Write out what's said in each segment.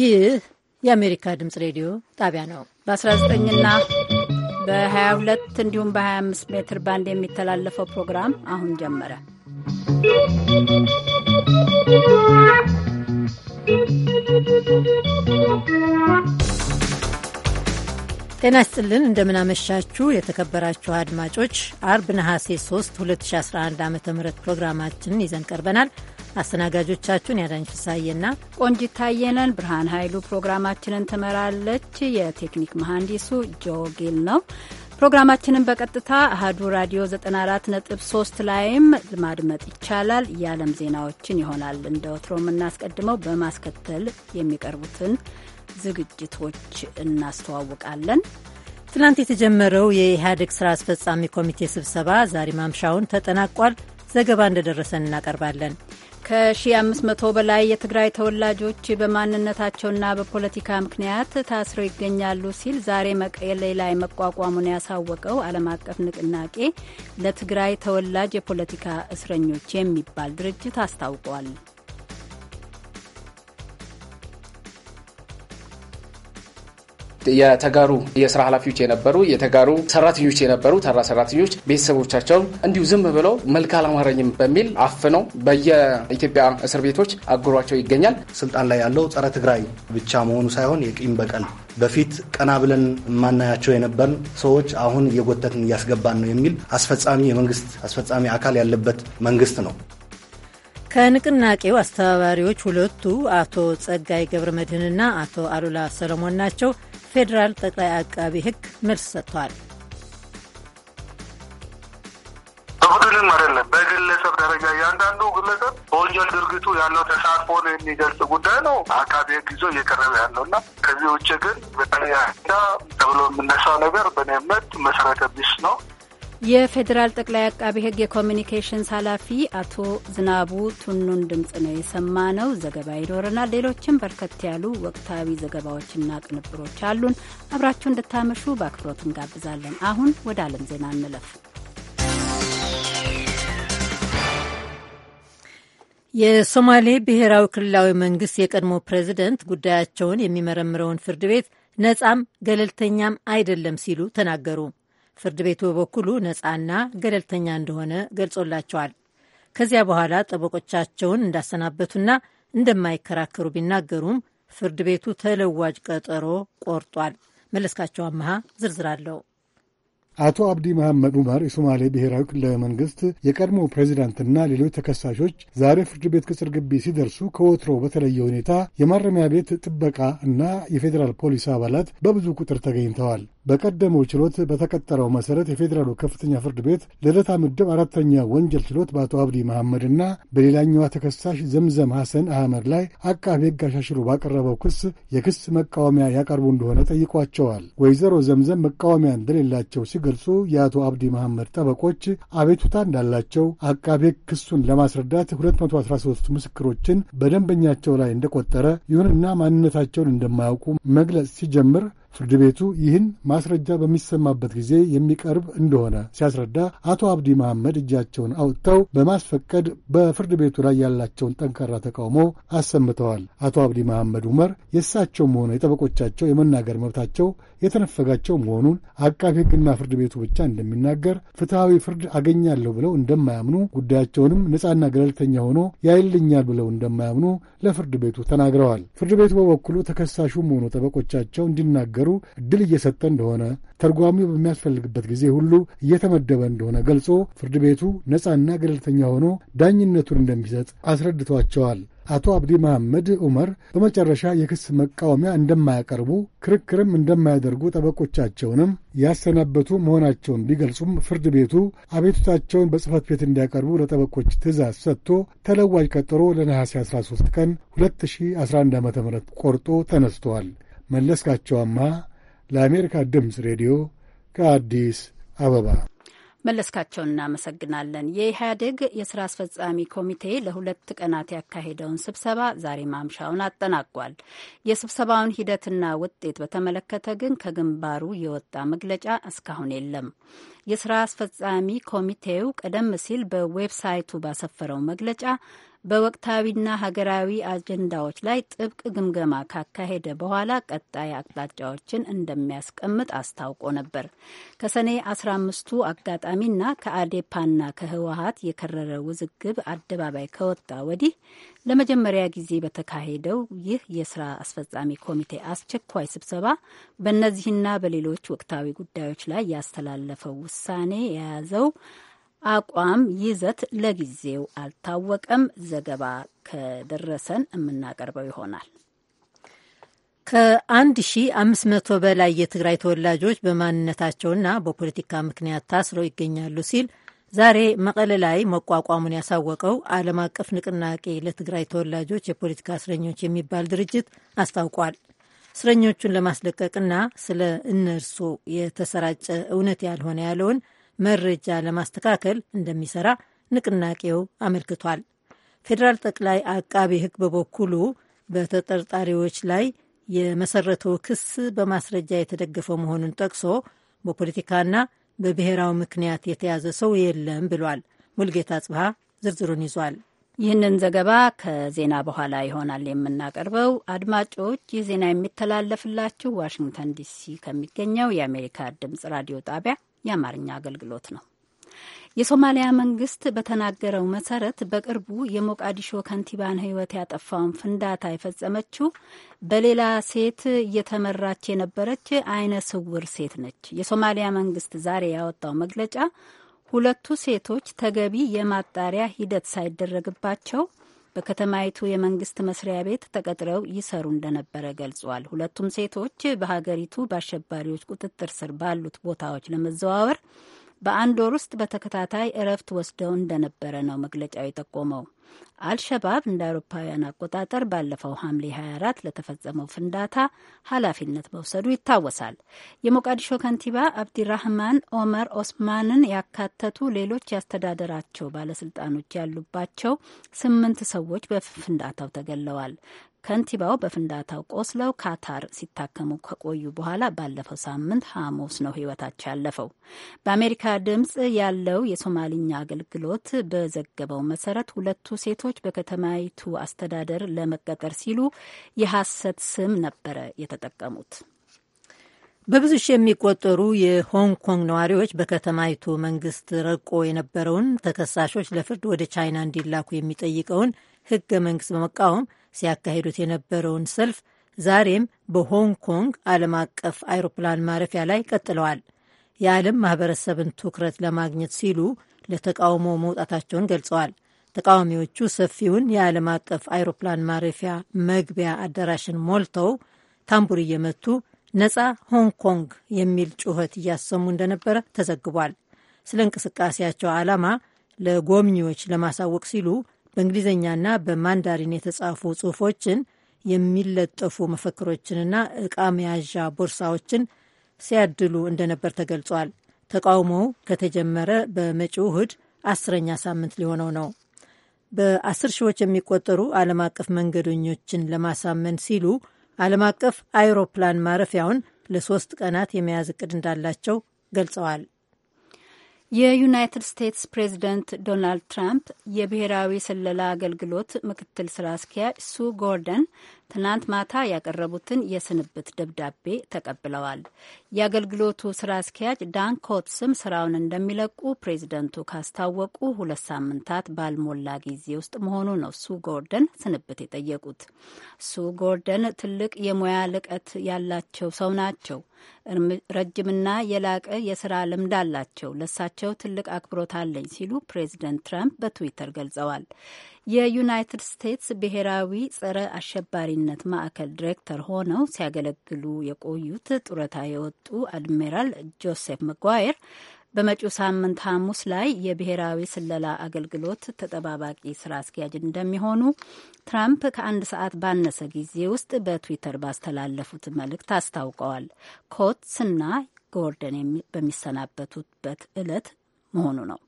ይህ የአሜሪካ ድምፅ ሬዲዮ ጣቢያ ነው። በ19ና በ22 እንዲሁም በ25 ሜትር ባንድ የሚተላለፈው ፕሮግራም አሁን ጀመረ። ጤና ይስጥልን፣ እንደምናመሻችሁ የተከበራችሁ አድማጮች፣ አርብ ነሐሴ 3 2011 ዓ ም ፕሮግራማችንን ይዘን ቀርበናል። አስተናጋጆቻችሁን ያዳኝ ፍሳዬና ቆንጂት ታየነን። ብርሃን ኃይሉ ፕሮግራማችንን ትመራለች። የቴክኒክ መሐንዲሱ ጆ ጌል ነው። ፕሮግራማችንን በቀጥታ አህዱ ራዲዮ 94.3 ላይም ማድመጥ ይቻላል። የዓለም ዜናዎችን ይሆናል እንደ ወትሮ የምናስቀድመው። በማስከተል የሚቀርቡትን ዝግጅቶች እናስተዋውቃለን። ትናንት የተጀመረው የኢህአዴግ ስራ አስፈጻሚ ኮሚቴ ስብሰባ ዛሬ ማምሻውን ተጠናቋል። ዘገባ እንደደረሰን እናቀርባለን። ከ1500 በላይ የትግራይ ተወላጆች በማንነታቸውና በፖለቲካ ምክንያት ታስረው ይገኛሉ ሲል ዛሬ መቀሌ ላይ መቋቋሙን ያሳወቀው ዓለም አቀፍ ንቅናቄ ለትግራይ ተወላጅ የፖለቲካ እስረኞች የሚባል ድርጅት አስታውቋል። የተጋሩ የስራ ኃላፊዎች የነበሩ የተጋሩ ሰራተኞች የነበሩ ተራ ሰራተኞች ቤተሰቦቻቸው እንዲሁ ዝም ብለው መልክ አላማረኝም በሚል አፍነው በየኢትዮጵያ እስር ቤቶች አጉሯቸው ይገኛል። ስልጣን ላይ ያለው ጸረ ትግራይ ብቻ መሆኑ ሳይሆን የቂም በቀል በፊት ቀና ብለን የማናያቸው የነበርን ሰዎች አሁን እየጎተትን እያስገባን ነው የሚል አስፈጻሚ የመንግስት አስፈጻሚ አካል ያለበት መንግስት ነው። ከንቅናቄው አስተባባሪዎች ሁለቱ አቶ ጸጋይ ገብረ መድህንና አቶ አሉላ ሰለሞን ናቸው። ፌዴራል ጠቅላይ አቃቢ ሕግ መልስ ሰጥቷል። በቡድንም አይደለም በግለሰብ ደረጃ እያንዳንዱ ግለሰብ በወንጀል ድርጊቱ ያለው ነው የሚገልጽ ጉዳይ ነው አካቢ ሕግ ይዞ እየቀረበ ያለው እና ከዚህ ውጭ ግን በተለያ ተብሎ የምነሳው ነገር በእኔ እምነት መሰረተ ቢስ ነው። የፌዴራል ጠቅላይ አቃቢ ሕግ የኮሚኒኬሽንስ ኃላፊ አቶ ዝናቡ ቱኑን ድምፅ ነው የሰማ ነው። ዘገባ ይኖረናል። ሌሎችም በርከት ያሉ ወቅታዊ ዘገባዎችና ቅንብሮች አሉን። አብራችሁ እንድታመሹ በአክብሮት እንጋብዛለን። አሁን ወደ ዓለም ዜና እንለፍ። የሶማሌ ብሔራዊ ክልላዊ መንግስት የቀድሞ ፕሬዚደንት ጉዳያቸውን የሚመረምረውን ፍርድ ቤት ነጻም ገለልተኛም አይደለም ሲሉ ተናገሩ። ፍርድ ቤቱ በበኩሉ ነፃና ገለልተኛ እንደሆነ ገልጾላቸዋል። ከዚያ በኋላ ጠበቆቻቸውን እንዳሰናበቱና እንደማይከራከሩ ቢናገሩም ፍርድ ቤቱ ተለዋጅ ቀጠሮ ቆርጧል። መለስካቸው አመሃ ዝርዝር አለው። አቶ አብዲ መሐመድ ዑመር የሶማሌ ብሔራዊ ክልላዊ መንግስት የቀድሞ ፕሬዚዳንትና ሌሎች ተከሳሾች ዛሬ ፍርድ ቤት ቅጽር ግቢ ሲደርሱ ከወትሮ በተለየ ሁኔታ የማረሚያ ቤት ጥበቃ እና የፌዴራል ፖሊስ አባላት በብዙ ቁጥር ተገኝተዋል። በቀደመው ችሎት በተቀጠረው መሠረት የፌዴራሉ ከፍተኛ ፍርድ ቤት ልደታ ምድብ አራተኛ ወንጀል ችሎት በአቶ አብዲ መሐመድና በሌላኛዋ ተከሳሽ ዘምዘም ሐሰን አህመድ ላይ አቃቤ ሕግ አሻሽሎ ባቀረበው ክስ የክስ መቃወሚያ ያቀርቡ እንደሆነ ጠይቋቸዋል። ወይዘሮ ዘምዘም መቃወሚያ እንደሌላቸው ሲገልጹ የአቶ አብዲ መሐመድ ጠበቆች አቤቱታ እንዳላቸው አቃቤ ሕግ ክሱን ለማስረዳት 213 ምስክሮችን በደንበኛቸው ላይ እንደቆጠረ፣ ይሁንና ማንነታቸውን እንደማያውቁ መግለጽ ሲጀምር ፍርድ ቤቱ ይህን ማስረጃ በሚሰማበት ጊዜ የሚቀርብ እንደሆነ ሲያስረዳ አቶ አብዲ መሐመድ እጃቸውን አውጥተው በማስፈቀድ በፍርድ ቤቱ ላይ ያላቸውን ጠንካራ ተቃውሞ አሰምተዋል። አቶ አብዲ መሐመድ ዑመር የእሳቸውም ሆነ የጠበቆቻቸው የመናገር መብታቸው የተነፈጋቸው መሆኑን አቃቢ ሕግና ፍርድ ቤቱ ብቻ እንደሚናገር ፍትሐዊ ፍርድ አገኛለሁ ብለው እንደማያምኑ ጉዳያቸውንም ነጻና ገለልተኛ ሆኖ ያይልኛል ብለው እንደማያምኑ ለፍርድ ቤቱ ተናግረዋል። ፍርድ ቤቱ በበኩሉ ተከሳሹም መሆኑ ጠበቆቻቸው እንዲናገሩ እንዲናገሩ እድል እየሰጠ እንደሆነ ተርጓሚው በሚያስፈልግበት ጊዜ ሁሉ እየተመደበ እንደሆነ ገልጾ ፍርድ ቤቱ ነጻና ገለልተኛ ሆኖ ዳኝነቱን እንደሚሰጥ አስረድቷቸዋል። አቶ አብዲ መሐመድ ዑመር በመጨረሻ የክስ መቃወሚያ እንደማያቀርቡ ክርክርም እንደማያደርጉ ጠበቆቻቸውንም ያሰናበቱ መሆናቸውን ቢገልጹም ፍርድ ቤቱ አቤቱታቸውን በጽህፈት ቤት እንዲያቀርቡ ለጠበቆች ትእዛዝ ሰጥቶ ተለዋጅ ቀጠሮ ለነሐሴ 13 ቀን 2011 ዓ ም ቆርጦ ተነስተዋል። መለስካቸዋማ ለአሜሪካ ድምፅ ሬዲዮ ከአዲስ አበባ። መለስካቸውን እናመሰግናለን። የኢህአዴግ የስራ አስፈጻሚ ኮሚቴ ለሁለት ቀናት ያካሄደውን ስብሰባ ዛሬ ማምሻውን አጠናቋል። የስብሰባውን ሂደትና ውጤት በተመለከተ ግን ከግንባሩ የወጣ መግለጫ እስካሁን የለም። የስራ አስፈጻሚ ኮሚቴው ቀደም ሲል በዌብሳይቱ ባሰፈረው መግለጫ በወቅታዊና ሀገራዊ አጀንዳዎች ላይ ጥብቅ ግምገማ ካካሄደ በኋላ ቀጣይ አቅጣጫዎችን እንደሚያስቀምጥ አስታውቆ ነበር። ከሰኔ 15 አምስቱ አጋጣሚና ከአዴፓና ከህወሀት የከረረ ውዝግብ አደባባይ ከወጣ ወዲህ ለመጀመሪያ ጊዜ በተካሄደው ይህ የስራ አስፈጻሚ ኮሚቴ አስቸኳይ ስብሰባ በእነዚህና በሌሎች ወቅታዊ ጉዳዮች ላይ ያስተላለፈው ውሳኔ የያዘው አቋም ይዘት ለጊዜው አልታወቀም። ዘገባ ከደረሰን የምናቀርበው ይሆናል ከአንድ ሺ አምስት መቶ በላይ የትግራይ ተወላጆች በማንነታቸውና በፖለቲካ ምክንያት ታስረው ይገኛሉ ሲል ዛሬ መቀለ ላይ መቋቋሙን ያሳወቀው ዓለም አቀፍ ንቅናቄ ለትግራይ ተወላጆች የፖለቲካ እስረኞች የሚባል ድርጅት አስታውቋል። እስረኞቹን ለማስለቀቅና ስለ እነርሱ የተሰራጨ እውነት ያልሆነ ያለውን መረጃ ለማስተካከል እንደሚሰራ ንቅናቄው አመልክቷል። ፌዴራል ጠቅላይ አቃቢ ሕግ በበኩሉ በተጠርጣሪዎች ላይ የመሰረተው ክስ በማስረጃ የተደገፈ መሆኑን ጠቅሶ በፖለቲካና በብሔራዊ ምክንያት የተያዘ ሰው የለም ብሏል። ሙልጌታ ጽብሃ ዝርዝሩን ይዟል። ይህንን ዘገባ ከዜና በኋላ ይሆናል የምናቀርበው። አድማጮች፣ ይህ ዜና የሚተላለፍላችሁ ዋሽንግተን ዲሲ ከሚገኘው የአሜሪካ ድምጽ ራዲዮ ጣቢያ የአማርኛ አገልግሎት ነው። የሶማሊያ መንግስት በተናገረው መሰረት በቅርቡ የሞቃዲሾ ከንቲባን ሕይወት ያጠፋውን ፍንዳታ የፈጸመችው በሌላ ሴት እየተመራች የነበረች አይነ ስውር ሴት ነች። የሶማሊያ መንግስት ዛሬ ያወጣው መግለጫ ሁለቱ ሴቶች ተገቢ የማጣሪያ ሂደት ሳይደረግባቸው በከተማይቱ የመንግስት መስሪያ ቤት ተቀጥረው ይሰሩ እንደነበረ ገልጿል። ሁለቱም ሴቶች በሀገሪቱ በአሸባሪዎች ቁጥጥር ስር ባሉት ቦታዎች ለመዘዋወር በአንድ ወር ውስጥ በተከታታይ እረፍት ወስደው እንደነበረ ነው መግለጫው የጠቆመው። አልሸባብ እንደ አውሮፓውያን አቆጣጠር ባለፈው ሐምሌ 24 ለተፈጸመው ፍንዳታ ኃላፊነት መውሰዱ ይታወሳል። የሞቃዲሾ ከንቲባ አብዲራህማን ኦመር ኦስማንን ያካተቱ ሌሎች ያስተዳደራቸው ባለስልጣኖች ያሉባቸው ስምንት ሰዎች በፍንዳታው ተገለዋል። ከንቲባው በፍንዳታው ቆስለው ካታር ሲታከሙ ከቆዩ በኋላ ባለፈው ሳምንት ሐሙስ ነው ሕይወታቸው ያለፈው። በአሜሪካ ድምፅ ያለው የሶማልኛ አገልግሎት በዘገበው መሰረት ሁለቱ ሴቶች በከተማይቱ አስተዳደር ለመቀጠር ሲሉ የሐሰት ስም ነበረ የተጠቀሙት። በብዙ ሺህ የሚቆጠሩ የሆንግ ኮንግ ነዋሪዎች በከተማይቱ መንግስት ረቆ የነበረውን ተከሳሾች ለፍርድ ወደ ቻይና እንዲላኩ የሚጠይቀውን ህገ መንግስት በመቃወም ሲያካሂዱት የነበረውን ሰልፍ ዛሬም በሆንግ ኮንግ ዓለም አቀፍ አይሮፕላን ማረፊያ ላይ ቀጥለዋል። የዓለም ማህበረሰብን ትኩረት ለማግኘት ሲሉ ለተቃውሞ መውጣታቸውን ገልጸዋል። ተቃዋሚዎቹ ሰፊውን የዓለም አቀፍ አይሮፕላን ማረፊያ መግቢያ አዳራሽን ሞልተው ታምቡር እየመቱ ነፃ ሆንግ ኮንግ የሚል ጩኸት እያሰሙ እንደነበረ ተዘግቧል። ስለ እንቅስቃሴያቸው ዓላማ ለጎብኚዎች ለማሳወቅ ሲሉ በእንግሊዝኛና በማንዳሪን የተጻፉ ጽሁፎችን የሚለጠፉ መፈክሮችንና ዕቃ መያዣ ቦርሳዎችን ሲያድሉ እንደነበር ተገልጿል። ተቃውሞው ከተጀመረ በመጪው እሁድ አስረኛ ሳምንት ሊሆነው ነው። በአስር ሺዎች የሚቆጠሩ ዓለም አቀፍ መንገደኞችን ለማሳመን ሲሉ ዓለም አቀፍ አይሮፕላን ማረፊያውን ለሶስት ቀናት የመያዝ እቅድ እንዳላቸው ገልጸዋል። የዩናይትድ ስቴትስ ፕሬዚደንት ዶናልድ ትራምፕ የብሔራዊ ስለላ አገልግሎት ምክትል ስራ አስኪያጅ ሱ ጎርደን ትናንት ማታ ያቀረቡትን የስንብት ደብዳቤ ተቀብለዋል። የአገልግሎቱ ስራ አስኪያጅ ዳን ኮትስም ስራውን እንደሚለቁ ፕሬዚደንቱ ካስታወቁ ሁለት ሳምንታት ባልሞላ ጊዜ ውስጥ መሆኑ ነው ሱ ጎርደን ስንብት የጠየቁት። ሱ ጎርደን ትልቅ የሙያ ልቀት ያላቸው ሰው ናቸው። ረጅምና የላቀ የስራ ልምድ አላቸው። ለሳቸው ትልቅ አክብሮት አለኝ ሲሉ ፕሬዚደንት ትራምፕ በትዊተር ገልጸዋል። የዩናይትድ ስቴትስ ብሔራዊ ጸረ አሸባሪነት ማዕከል ዲሬክተር ሆነው ሲያገለግሉ የቆዩት ጡረታ የወጡ አድሚራል ጆሴፍ መጓየር በመጪው ሳምንት ሐሙስ ላይ የብሔራዊ ስለላ አገልግሎት ተጠባባቂ ስራ አስኪያጅ እንደሚሆኑ ትራምፕ ከአንድ ሰዓት ባነሰ ጊዜ ውስጥ በትዊተር ባስተላለፉት መልእክት አስታውቀዋል። ኮትስና ጎርደን በሚሰናበቱበት ዕለት መሆኑ ነው።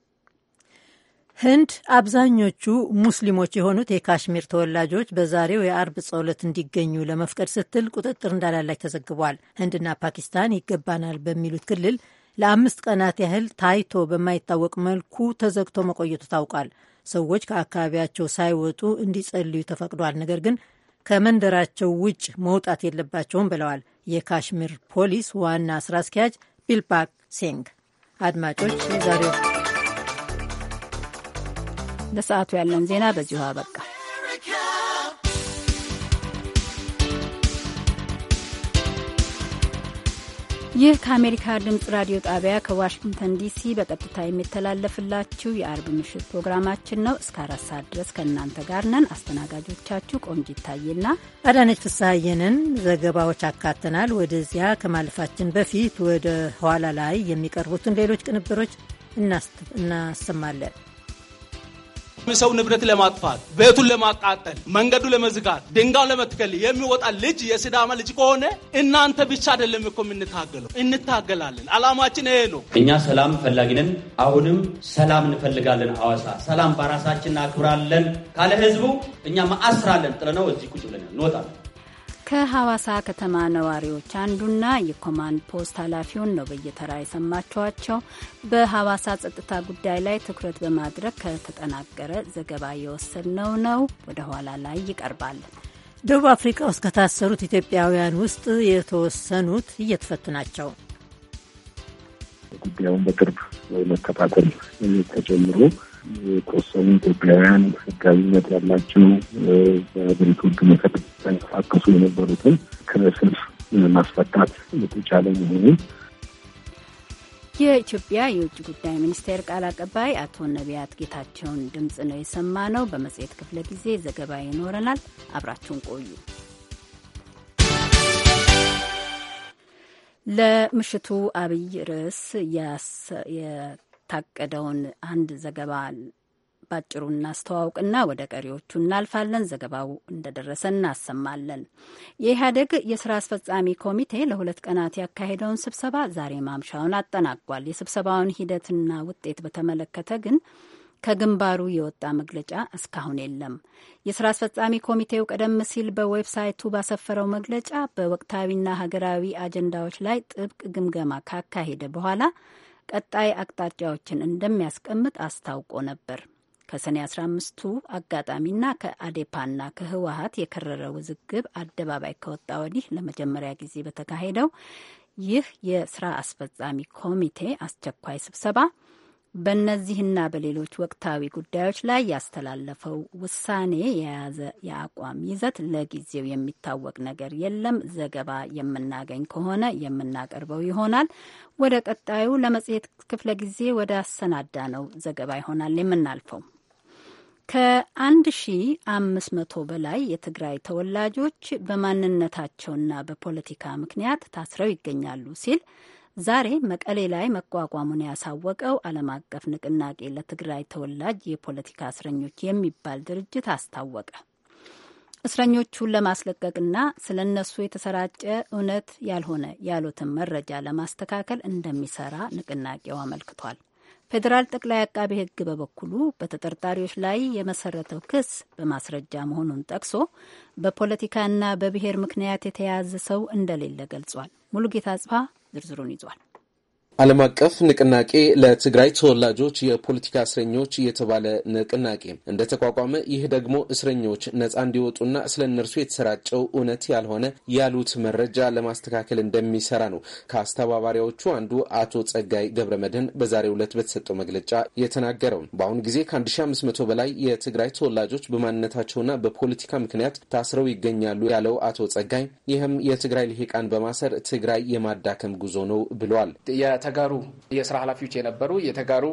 ህንድ አብዛኞቹ ሙስሊሞች የሆኑት የካሽሚር ተወላጆች በዛሬው የአርብ ጸሎት እንዲገኙ ለመፍቀድ ስትል ቁጥጥር እንዳላላች ተዘግቧል። ህንድና ፓኪስታን ይገባናል በሚሉት ክልል ለአምስት ቀናት ያህል ታይቶ በማይታወቅ መልኩ ተዘግቶ መቆየቱ ታውቋል። ሰዎች ከአካባቢያቸው ሳይወጡ እንዲጸልዩ ተፈቅዷል። ነገር ግን ከመንደራቸው ውጭ መውጣት የለባቸውም ብለዋል የካሽሚር ፖሊስ ዋና ስራ አስኪያጅ ቢልባክ ሲንግ። አድማጮች ዛሬው ለሰዓቱ ያለን ዜና በዚሁ አበቃ። ይህ ከአሜሪካ ድምፅ ራዲዮ ጣቢያ ከዋሽንግተን ዲሲ በቀጥታ የሚተላለፍላችሁ የአርብ ምሽት ፕሮግራማችን ነው። እስከ አራት ሰዓት ድረስ ከእናንተ ጋር ነን። አስተናጋጆቻችሁ ቆንጅ ይታየና አዳነች ፍስሐየንን ዘገባዎች አካተናል። ወደዚያ ከማለፋችን በፊት ወደ ኋላ ላይ የሚቀርቡትን ሌሎች ቅንብሮች እናሰማለን። ሰው ንብረት ለማጥፋት፣ ቤቱን ለማቃጠል፣ መንገዱ ለመዝጋት፣ ድንጋው ለመትከል የሚወጣ ልጅ የሲዳማ ልጅ ከሆነ እናንተ ብቻ አይደለም እኮ የምንታገለው፣ እንታገላለን። አላማችን ይሄ ነው። እኛ ሰላም ፈላጊንን አሁንም ሰላም እንፈልጋለን። ሐዋሳ ሰላም በራሳችን እናክብራለን ካለ ህዝቡ እኛ ማአስራለን ጥለነው እዚህ ቁጭ ብለን እንወጣለን። ከሐዋሳ ከተማ ነዋሪዎች አንዱና የኮማንድ ፖስት ኃላፊውን ነው በየተራ የሰማችኋቸው። በሐዋሳ ጸጥታ ጉዳይ ላይ ትኩረት በማድረግ ከተጠናቀረ ዘገባ የወሰድነው ነው። ወደ ኋላ ላይ ይቀርባል። ደቡብ አፍሪካ ውስጥ ከታሰሩት ኢትዮጵያውያን ውስጥ የተወሰኑት እየተፈቱ ናቸው። ጉዳዩን በቅርብ መከታተል ተጀምሮ የተወሰኑ ኢትዮጵያውያን ሕጋዊነት ያላቸው በሀገሪቱ ሕግ መሰረት ሲንቀሳቀሱ የነበሩትን ከእስር ማስፈታት የተቻለ መሆኑን የኢትዮጵያ የውጭ ጉዳይ ሚኒስቴር ቃል አቀባይ አቶ ነቢያት ጌታቸውን ድምፅ ነው የሰማ ነው። በመጽሔት ክፍለ ጊዜ ዘገባ ይኖረናል። አብራችሁን ቆዩ። ለምሽቱ አብይ ርዕስ የታቀደውን አንድ ዘገባ ባጭሩ እናስተዋውቅና ወደ ቀሪዎቹ እናልፋለን። ዘገባው እንደደረሰ እናሰማለን። የኢህአዴግ የስራ አስፈጻሚ ኮሚቴ ለሁለት ቀናት ያካሄደውን ስብሰባ ዛሬ ማምሻውን አጠናቋል። የስብሰባውን ሂደትና ውጤት በተመለከተ ግን ከግንባሩ የወጣ መግለጫ እስካሁን የለም። የስራ አስፈጻሚ ኮሚቴው ቀደም ሲል በዌብሳይቱ ባሰፈረው መግለጫ በወቅታዊና ሀገራዊ አጀንዳዎች ላይ ጥብቅ ግምገማ ካካሄደ በኋላ ቀጣይ አቅጣጫዎችን እንደሚያስቀምጥ አስታውቆ ነበር። ከሰኔ 15ቱ አጋጣሚና ከአዴፓና ከህወሀት የከረረ ውዝግብ አደባባይ ከወጣ ወዲህ ለመጀመሪያ ጊዜ በተካሄደው ይህ የስራ አስፈጻሚ ኮሚቴ አስቸኳይ ስብሰባ በእነዚህና በሌሎች ወቅታዊ ጉዳዮች ላይ ያስተላለፈው ውሳኔ የያዘ የአቋም ይዘት ለጊዜው የሚታወቅ ነገር የለም። ዘገባ የምናገኝ ከሆነ የምናቀርበው ይሆናል። ወደ ቀጣዩ ለመጽሔት ክፍለ ጊዜ ወደ አሰናዳ ነው ዘገባ ይሆናል የምናልፈው። ከ1500 በላይ የትግራይ ተወላጆች በማንነታቸውና በፖለቲካ ምክንያት ታስረው ይገኛሉ ሲል ዛሬ መቀሌ ላይ መቋቋሙን ያሳወቀው ዓለም አቀፍ ንቅናቄ ለትግራይ ተወላጅ የፖለቲካ እስረኞች የሚባል ድርጅት አስታወቀ። እስረኞቹን ለማስለቀቅና ስለ እነሱ የተሰራጨ እውነት ያልሆነ ያሉትን መረጃ ለማስተካከል እንደሚሰራ ንቅናቄው አመልክቷል። ፌዴራል ጠቅላይ አቃቤ ሕግ በበኩሉ በተጠርጣሪዎች ላይ የመሰረተው ክስ በማስረጃ መሆኑን ጠቅሶ በፖለቲካና በብሔር ምክንያት የተያዘ ሰው እንደሌለ ገልጿል። ሙሉጌታ ጽፋ ዝርዝሩን ይዟል። ዓለም አቀፍ ንቅናቄ ለትግራይ ተወላጆች የፖለቲካ እስረኞች የተባለ ንቅናቄ እንደተቋቋመ ይህ ደግሞ እስረኞች ነጻ እንዲወጡና ስለ እነርሱ የተሰራጨው እውነት ያልሆነ ያሉት መረጃ ለማስተካከል እንደሚሰራ ነው ከአስተባባሪዎቹ አንዱ አቶ ጸጋይ ገብረ መድህን በዛሬው ዕለት በተሰጠው መግለጫ የተናገረው። በአሁኑ ጊዜ ከ1500 በላይ የትግራይ ተወላጆች በማንነታቸውና በፖለቲካ ምክንያት ታስረው ይገኛሉ ያለው አቶ ጸጋይ ይህም የትግራይ ልሂቃን በማሰር ትግራይ የማዳከም ጉዞ ነው ብለዋል። ተጋሩ የስራ ኃላፊዎች የነበሩ የተጋሩ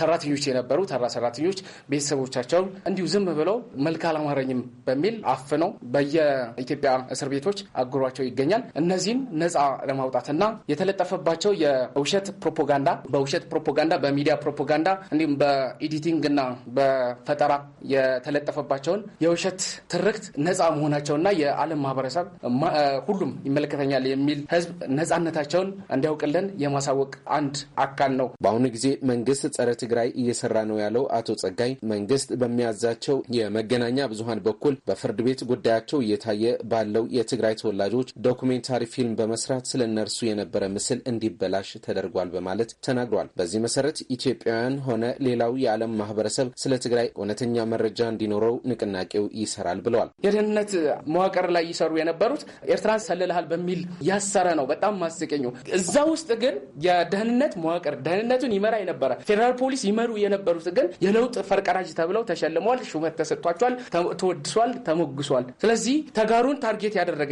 ሰራተኞች የነበሩ ተራ ሰራተኞች ቤተሰቦቻቸው እንዲሁ ዝም ብለው መልክ አላማረኝም በሚል አፍነው በየኢትዮጵያ እስር ቤቶች አጉሯቸው ይገኛል። እነዚህም ነፃ ለማውጣትና የተለጠፈባቸው የውሸት ፕሮፓጋንዳ በውሸት ፕሮፓጋንዳ፣ በሚዲያ ፕሮፓጋንዳ እንዲሁም በኤዲቲንግና በፈጠራ የተለጠፈባቸውን የውሸት ትርክት ነፃ መሆናቸውና የዓለም ማህበረሰብ ሁሉም ይመለከተኛል የሚል ህዝብ ነፃነታቸውን እንዲያውቅልን የማሳወቅ የሚታወቅ አንድ አካል ነው። በአሁኑ ጊዜ መንግስት ጸረ ትግራይ እየሰራ ነው ያለው አቶ ጸጋይ መንግስት በሚያዛቸው የመገናኛ ብዙሀን በኩል በፍርድ ቤት ጉዳያቸው እየታየ ባለው የትግራይ ተወላጆች ዶኩሜንታሪ ፊልም በመስራት ስለ እነርሱ የነበረ ምስል እንዲበላሽ ተደርጓል በማለት ተናግሯል። በዚህ መሰረት ኢትዮጵያውያን ሆነ ሌላው የዓለም ማህበረሰብ ስለ ትግራይ እውነተኛ መረጃ እንዲኖረው ንቅናቄው ይሰራል ብለዋል። የደህንነት መዋቅር ላይ ይሰሩ የነበሩት ኤርትራን ሰልልሃል በሚል ያሰረ ነው። በጣም ማስቀኝ። እዛ ውስጥ ግን የደህንነት መዋቅር ደህንነቱን ይመራ የነበረ ፌዴራል ፖሊስ ይመሩ የነበሩት ግን የለውጥ ፈርቀዳጅ ተብለው ተሸልመዋል። ሹመት ተሰጥቷቸዋል፣ ተወድሷል፣ ተሞግሷል። ስለዚህ ተጋሩን ታርጌት ያደረገ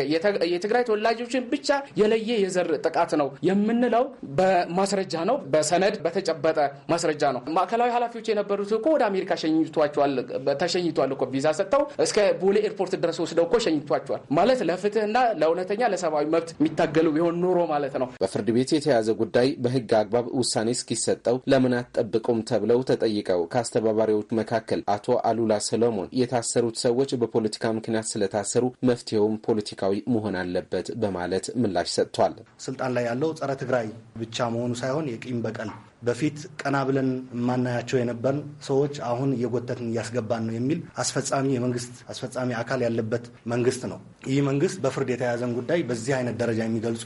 የትግራይ ተወላጆችን ብቻ የለየ የዘር ጥቃት ነው የምንለው በማስረጃ ነው፣ በሰነድ በተጨበጠ ማስረጃ ነው። ማዕከላዊ ኃላፊዎች የነበሩት እኮ ወደ አሜሪካ ሸኝቷቸዋል፣ ተሸኝቷል እኮ ቪዛ ሰጥተው እስከ ቦሌ ኤርፖርት ድረስ ወስደው እኮ ሸኝቷቸዋል። ማለት ለፍትህና ለእውነተኛ ለሰብአዊ መብት የሚታገሉ ቢሆን ኑሮ ማለት ነው። በፍርድ ቤት የተያዘ ጉዳይ በህግ አግባብ ውሳኔ እስኪሰጠው ለምን አትጠብቁም ተብለው ተጠይቀው ከአስተባባሪዎች መካከል አቶ አሉላ ሰለሞን የታሰሩት ሰዎች በፖለቲካ ምክንያት ስለታሰሩ መፍትሄውም ፖለቲካዊ መሆን አለበት በማለት ምላሽ ሰጥቷል። ስልጣን ላይ ያለው ጸረ ትግራይ ብቻ መሆኑ ሳይሆን የቂም በቀል በፊት ቀና ብለን የማናያቸው የነበርን ሰዎች አሁን እየጎተትን እያስገባን ነው የሚል አስፈጻሚ የመንግስት አስፈጻሚ አካል ያለበት መንግስት ነው። ይህ መንግስት በፍርድ የተያዘን ጉዳይ በዚህ አይነት ደረጃ የሚገልጹ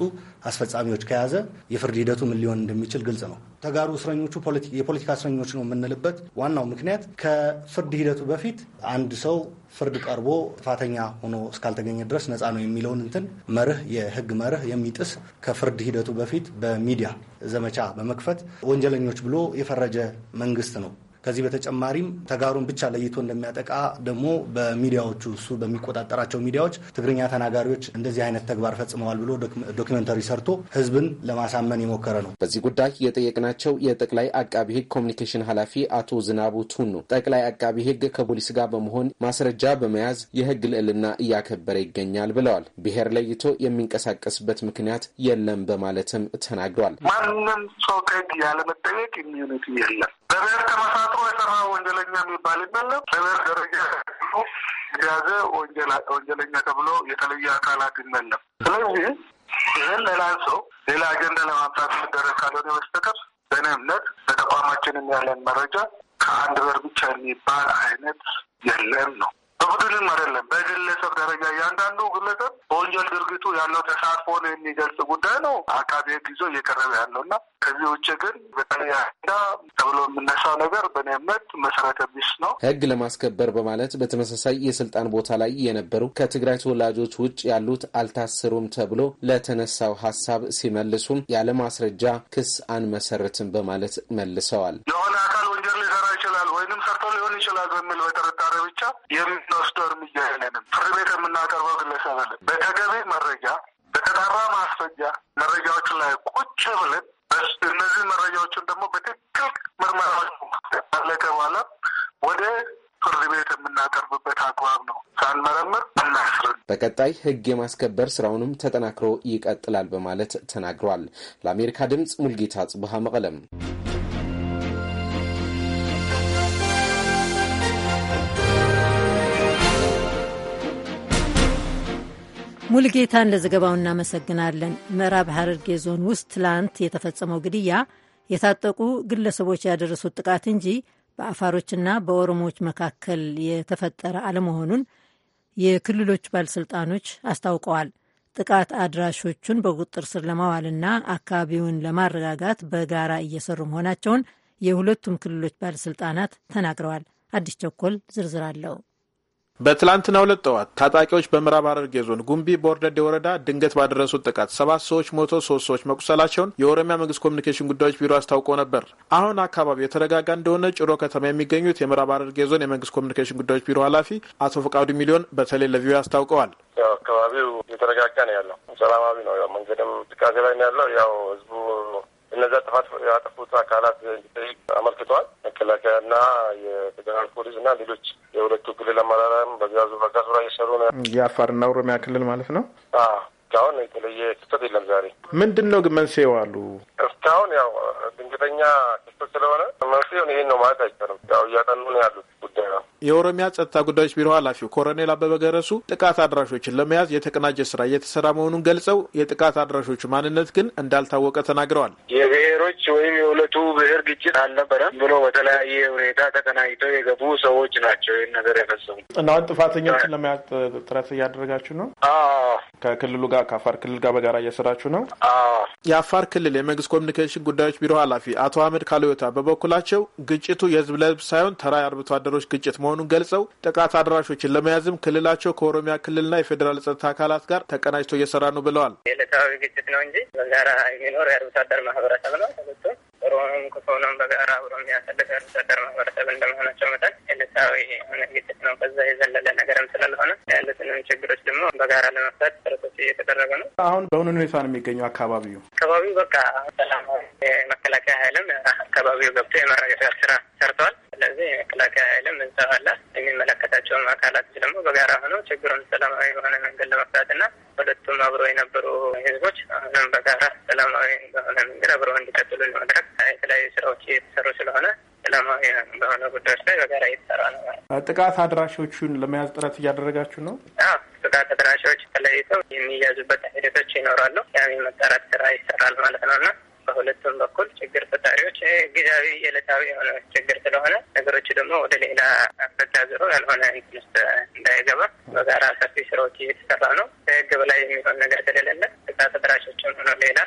አስፈጻሚዎች ከያዘ የፍርድ ሂደቱ ምን ሊሆን እንደሚችል ግልጽ ነው። ተጋሩ እስረኞቹ የፖለቲካ እስረኞች ነው የምንልበት ዋናው ምክንያት ከፍርድ ሂደቱ በፊት አንድ ሰው ፍርድ ቀርቦ ጥፋተኛ ሆኖ እስካልተገኘ ድረስ ነፃ ነው የሚለውን እንትን መርህ የህግ መርህ የሚጥስ ከፍርድ ሂደቱ በፊት በሚዲያ ዘመቻ በመክፈት ወንጀለኞች ብሎ የፈረጀ መንግስት ነው ከዚህ በተጨማሪም ተጋሩን ብቻ ለይቶ እንደሚያጠቃ ደግሞ በሚዲያዎቹ እሱ በሚቆጣጠራቸው ሚዲያዎች ትግርኛ ተናጋሪዎች እንደዚህ አይነት ተግባር ፈጽመዋል ብሎ ዶኪመንተሪ ሰርቶ ህዝብን ለማሳመን የሞከረ ነው። በዚህ ጉዳይ የጠየቅናቸው የጠቅላይ አቃቢ ህግ ኮሚኒኬሽን ኃላፊ አቶ ዝናቡ ቱኑ ጠቅላይ አቃቢ ህግ ከፖሊስ ጋር በመሆን ማስረጃ በመያዝ የህግ ልዕልና እያከበረ ይገኛል ብለዋል። ብሔር ለይቶ የሚንቀሳቀስበት ምክንያት የለም በማለትም ተናግሯል። ማንም ሰው ከህግ ያለመጠየቅ ኢሚዩኒቲ የለም በብሔር ተመሳጥሮ የሰራ ወንጀለኛ የሚባል የለም። በብሔር ደረጃ የያዘ ወንጀለኛ ተብሎ የተለየ አካላት ይመለም። ስለዚህ ይህን ሌላ ሰው ሌላ አጀንዳ ለማምጣት የሚደረግ ካልሆነ በስተቀር በእኔ እምነት በተቋማችንም ያለን መረጃ ከአንድ በር ብቻ የሚባል አይነት የለም ነው። በቡድንም አይደለም በግለሰብ ደረጃ እያንዳንዱ ግለሰብ በወንጀል ድርጊቱ ያለው ተሳትፎን የሚገልጽ ጉዳይ ነው አቃቤ ሕግ ይዞ እየቀረበ ያለው እና ከዚህ ውጭ ግን በተለያዳ ተብሎ የምነሳው ነገር በእኔ እምነት መሰረተ ቢስ ነው። ሕግ ለማስከበር በማለት በተመሳሳይ የስልጣን ቦታ ላይ የነበሩ ከትግራይ ተወላጆች ውጭ ያሉት አልታሰሩም ተብሎ ለተነሳው ሀሳብ ሲመልሱም ያለ ማስረጃ ክስ አንመሰርትም በማለት መልሰዋል። የሆነ አካል ወንጀል ሊሰራ ሊሆን ይችላል በሚል በጥርጣሬ ብቻ የምንወስደው እርምጃ የለንም። ፍርድ ቤት የምናቀርበው ግለሰብ ለ በተገቢ መረጃ በተጣራ ማስረጃ መረጃዎችን ላይ ቁጭ ብለን እነዚህ መረጃዎችን ደግሞ በትክክል ምርመራዎች ካለቀ በኋላ ወደ ፍርድ ቤት የምናቀርብበት አግባብ ነው። ሳንመረምር በቀጣይ ህግ የማስከበር ስራውንም ተጠናክሮ ይቀጥላል በማለት ተናግሯል። ለአሜሪካ ድምፅ ሙልጌታ ጽቡሃ መቀለም ሙልጌታን ለዘገባው እናመሰግናለን። ምዕራብ ሐረርጌ ዞን ውስጥ ትላንት የተፈጸመው ግድያ የታጠቁ ግለሰቦች ያደረሱት ጥቃት እንጂ በአፋሮችና በኦሮሞዎች መካከል የተፈጠረ አለመሆኑን የክልሎች ባለሥልጣኖች አስታውቀዋል። ጥቃት አድራሾቹን በቁጥጥር ስር ለማዋልና አካባቢውን ለማረጋጋት በጋራ እየሰሩ መሆናቸውን የሁለቱም ክልሎች ባለሥልጣናት ተናግረዋል። አዲስ ቸኮል ዝርዝር አለው። በትላንትና ሁለት ጠዋት ታጣቂዎች በምዕራብ ሐረርጌ ዞን ጉምቢ ቦርደዴ ወረዳ ድንገት ባደረሱት ጥቃት ሰባት ሰዎች ሞቶ ሶስት ሰዎች መቁሰላቸውን የኦሮሚያ መንግስት ኮሚኒኬሽን ጉዳዮች ቢሮ አስታውቆ ነበር። አሁን አካባቢው የተረጋጋ እንደሆነ ጭሮ ከተማ የሚገኙት የምዕራብ ሐረርጌ ዞን የመንግስት ኮሚኒኬሽን ጉዳዮች ቢሮ ኃላፊ አቶ ፈቃዱ ሚሊዮን በተለይ ለቪዮ አስታውቀዋል። ያው አካባቢው የተረጋጋ ነው ያለው፣ ሰላማዊ ነው። ያው መንገድም እንቅስቃሴ ላይ ነው ያለው። ያው ህዝቡ እነዛ ጥፋት ያጠፉት አካላት እንዲጠይቅ አመልክተዋል። መከላከያና የፌዴራል ፖሊስ እና ሌሎች የሁለቱ ክልል አመራራም በዛ ዙሪያ እየሰሩ ነው። የአፋርና ኦሮሚያ ክልል ማለት ነው። እስካሁን የተለየ ክስተት የለም። ዛሬ ምንድን ነው ግን መንስኤው አሉ? እስካሁን ያው ድንገተኛ ክስተት ስለሆነ መንስኤውን ይሄን ነው ማለት አይቻልም። ያው እያጠኑ ነው ያሉት ጉዳይ ነው። የኦሮሚያ ጸጥታ ጉዳዮች ቢሮ ኃላፊው ኮሎኔል አበበ ገረሱ ጥቃት አድራሾችን ለመያዝ የተቀናጀ ስራ እየተሰራ መሆኑን ገልጸው የጥቃት አድራሾቹ ማንነት ግን እንዳልታወቀ ተናግረዋል። የብሔሮች ወይም የሁለቱ ብሔር ግጭት አልነበረም ብሎ በተለያየ ሁኔታ ተቀናጅተው የገቡ ሰዎች ናቸው ይህን ነገር የፈጸሙ እና አሁን ጥፋተኞችን ለመያዝ ጥረት እያደረጋችሁ ነው ከክልሉ ጋር ጋር ከአፋር ክልል ጋር በጋራ እየሰራችሁ ነው። የአፋር ክልል የመንግስት ኮሚኒኬሽን ጉዳዮች ቢሮ ኃላፊ አቶ አህመድ ካልዮታ በበኩላቸው ግጭቱ የህዝብ ለህዝብ ሳይሆን ተራ የአርብቶ አደሮች ግጭት መሆኑን ገልጸው ጥቃት አድራሾችን ለመያዝም ክልላቸው ከኦሮሚያ ክልልና የፌዴራል ጸጥታ አካላት ጋር ተቀናጅቶ እየሰራ ነው ብለዋል። የዕለታዊ ግጭት ነው እንጂ በጋራ የሚኖር የአርብቶ አደር ማህበረሰብ ነው ኦሮሞም ከሆነም በጋራ አብሮ የሚያሳልፍ አርሶአደር ማህበረሰብ እንደመሆናቸው መጠን ዕለታዊ የሆነ ግጭት ነው። በዛ የዘለለ ነገርም ስላልሆነ ያሉትንም ችግሮች ደግሞ በጋራ ለመፍታት ጥረቶች እየተደረገ ነው። አሁን በምን ሁኔታ ነው የሚገኘው አካባቢው? አካባቢው በቃ ሰላም፣ የመከላከያ ኃይልም አካባቢው ገብቶ የመረጋጋት ስራ ሰርተዋል። ስለዚህ የመከላከያ ኃይልም እዛው አለ። የሚመለከታቸውም አካላት ደግሞ በጋራ ሆነው ችግሩን ሰላማዊ የሆነ መንገድ ለመፍታትና ሁለቱም አብሮ የነበሩ ህዝቦች አሁንም በጋራ ሰላማዊ በሆነ መንገድ አብሮ እንዲቀጥሉ ለማድረግ የተለያዩ ስራዎች እየተሰሩ ስለሆነ ሰላማዊ በሆነ ጉዳዮች ላይ በጋራ እየተሰራ ነው ማለት ነው። ጥቃት አድራሾቹን ለመያዝ ጥረት እያደረጋችሁ ነው? ጥቃት አድራሾች ተለይተው የሚያዙበት ሂደቶች ይኖራሉ። ያ የመጣራት ስራ ይሰራል ማለት ነው እና በሁለቱም በኩል ችግር ፈጣሪዎች ጊዜያዊ የዕለታዊ የሆነ ችግር ስለሆነ ነገሮች ደግሞ ወደ ሌላ አፍረዳ ዞሮ ያልሆነ እንትን ውስጥ እንዳይገባ በጋራ ሰፊ ስራዎች እየተሰራ ነው። ከህግ በላይ የሚሆን ነገር ስለሌለ እዛ ተደራሾችም ሆነ ሌላ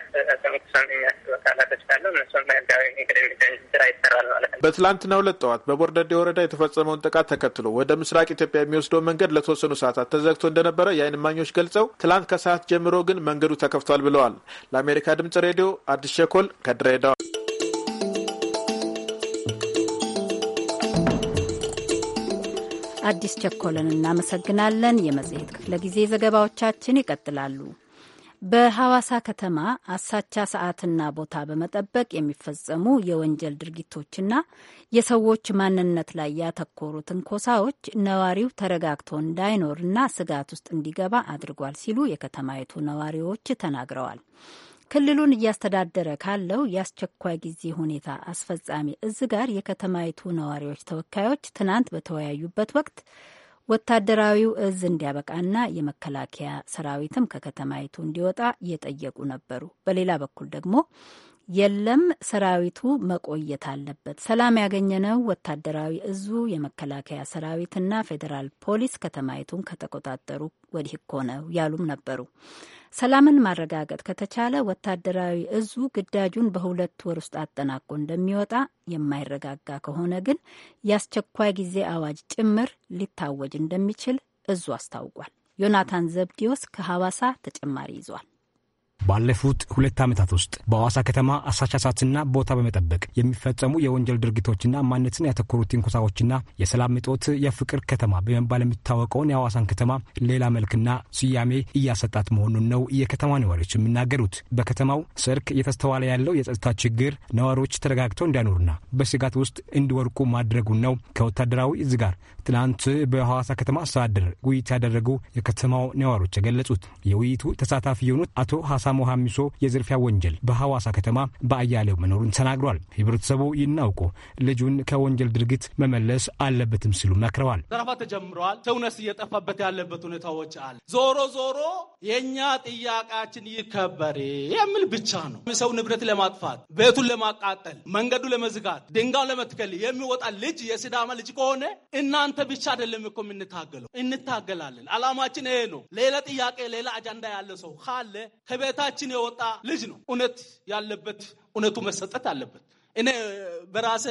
ተንቁሰን የሚያስብ አካላቶች ካሉ እነሱም ህጋዊ ንግድ የሚገኝ ስራ ይሰራል ማለት ነው። በትላንትና ሁለት ጠዋት በቦርደዴ ወረዳ የተፈጸመውን ጥቃት ተከትሎ ወደ ምስራቅ ኢትዮጵያ የሚወስደው መንገድ ለተወሰኑ ሰዓታት ተዘግቶ እንደነበረ የአይን ማኞች ገልጸው ትላንት ከሰዓት ጀምሮ ግን መንገዱ ተከፍቷል ብለዋል። ለአሜሪካ ድምጽ ሬዲዮ አዲስ ሸኮ በኩል ከድሬዳዋ አዲስ ቸኮልን እናመሰግናለን። የመጽሔት ክፍለ ጊዜ ዘገባዎቻችን ይቀጥላሉ። በሐዋሳ ከተማ አሳቻ ሰዓትና ቦታ በመጠበቅ የሚፈጸሙ የወንጀል ድርጊቶችና የሰዎች ማንነት ላይ ያተኮሩ ትንኮሳዎች ነዋሪው ተረጋግቶ እንዳይኖርና ስጋት ውስጥ እንዲገባ አድርጓል ሲሉ የከተማይቱ ነዋሪዎች ተናግረዋል። ክልሉን እያስተዳደረ ካለው የአስቸኳይ ጊዜ ሁኔታ አስፈጻሚ እዝ ጋር የከተማይቱ ነዋሪዎች ተወካዮች ትናንት በተወያዩበት ወቅት ወታደራዊው እዝ እንዲያበቃና የመከላከያ ሰራዊትም ከከተማይቱ እንዲወጣ እየጠየቁ ነበሩ። በሌላ በኩል ደግሞ የለም ሰራዊቱ መቆየት አለበት። ሰላም ያገኘነው ወታደራዊ እዙ የመከላከያ ሰራዊትና ፌዴራል ፖሊስ ከተማይቱን ከተቆጣጠሩ ወዲህ እኮ ነው ያሉም ነበሩ። ሰላምን ማረጋገጥ ከተቻለ ወታደራዊ እዙ ግዳጁን በሁለት ወር ውስጥ አጠናቆ እንደሚወጣ፣ የማይረጋጋ ከሆነ ግን የአስቸኳይ ጊዜ አዋጅ ጭምር ሊታወጅ እንደሚችል እዙ አስታውቋል። ዮናታን ዘብዲዮስ ከሐዋሳ ተጨማሪ ይዟል። ባለፉት ሁለት ዓመታት ውስጥ በሐዋሳ ከተማ አሳቻ አሳቻሳትና ቦታ በመጠበቅ የሚፈጸሙ የወንጀል ድርጊቶችና ማንነትን ያተኮሩ ትንኮሳዎችና የሰላም እጦት የፍቅር ከተማ በመባል የሚታወቀውን የሐዋሳን ከተማ ሌላ መልክና ስያሜ እያሰጣት መሆኑን ነው የከተማ ነዋሪዎች የሚናገሩት። በከተማው ሰርክ እየተስተዋለ ያለው የጸጥታ ችግር ነዋሪዎች ተረጋግተው እንዲያኖሩና በስጋት ውስጥ እንዲወርቁ ማድረጉን ነው ከወታደራዊ እዝ ጋር ትናንት በሐዋሳ ከተማ አስተዳደር ውይይት ያደረጉ የከተማው ነዋሪዎች የገለጹት። የውይይቱ ተሳታፊ የሆኑት አቶ ሀሳ ኢሳሙ ሀሚሶ የዝርፊያ ወንጀል በሐዋሳ ከተማ በአያሌው መኖሩን ተናግሯል። ህብረተሰቡ ይናውቁ ልጁን ከወንጀል ድርጊት መመለስ አለበትም ሲሉ መክረዋል። ዘረፋ ተጀምረዋል። ሰውነስ እየጠፋበት ያለበት ሁኔታዎች አለ። ዞሮ ዞሮ የእኛ ጥያቄያችን ይከበር የሚል ብቻ ነው። ሰው ንብረት ለማጥፋት፣ ቤቱን ለማቃጠል፣ መንገዱ ለመዝጋት፣ ድንጋዩን ለመትከል የሚወጣ ልጅ የሲዳማ ልጅ ከሆነ እናንተ ብቻ አይደለም እኮ የምንታገለው፣ እንታገላለን። አላማችን ይሄ ነው። ሌላ ጥያቄ ሌላ አጀንዳ ያለ ሰው ካለ ከቤታ ከፊታችን የወጣ ልጅ ነው። እውነት ያለበት እውነቱ መሰጠት አለበት። እኔ በራሴ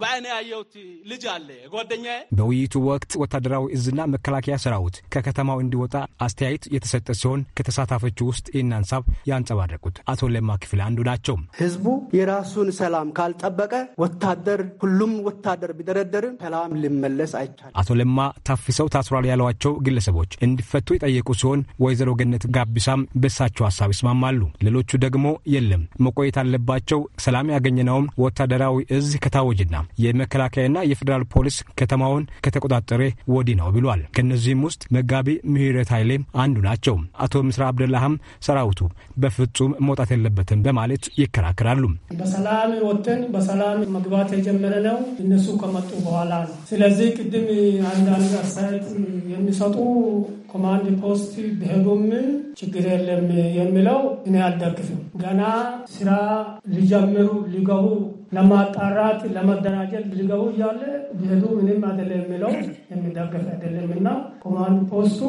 በአይኔ ያየሁት ልጅ አለ ጓደኛ። በውይይቱ ወቅት ወታደራዊ እዝና መከላከያ ሰራዊት ከከተማው እንዲወጣ አስተያየት የተሰጠ ሲሆን ከተሳታፎቹ ውስጥ ይህን ሀሳብ ያንጸባረቁት አቶ ለማ ክፍል አንዱ ናቸው። ህዝቡ የራሱን ሰላም ካልጠበቀ ወታደር ሁሉም ወታደር ቢደረደርም ሰላም ሊመለስ አይቻልም። አቶ ለማ ታፍሰው ታስሯል ያሏቸው ግለሰቦች እንዲፈቱ የጠየቁ ሲሆን ወይዘሮ ገነት ጋቢሳም በሳቸው ሀሳብ ይስማማሉ። ሌሎቹ ደግሞ የለም መቆየት አለባቸው፣ ሰላም ያገኘነውም ወታደራዊ እዝ ከታወጅና የመከላከያና የፌዴራል ፖሊስ ከተማውን ከተቆጣጠረ ወዲህ ነው ብሏል። ከእነዚህም ውስጥ መጋቢ ምህረት ኃይሌ አንዱ ናቸው። አቶ ምስራ አብደላህም ሰራዊቱ በፍጹም መውጣት የለበትም በማለት ይከራከራሉ። በሰላም ወጥተን በሰላም መግባት የጀመረ ነው እነሱ ከመጡ በኋላ ነው። ስለዚህ ቅድም አንዳንድ አስተያየት የሚሰጡ ኮማንድ ፖስት ቢሄዱም ችግር የለም የሚለው እኔ አልደግፍም። ገና ስራ ሊጀምሩ ሊገቡ ለማጣራት ለመደራጀት ሊገቡ እያለ ብሄዱ ምንም አይደለም የሚለው የሚደገፍ አይደለም እና ኮማንድ ፖስቱ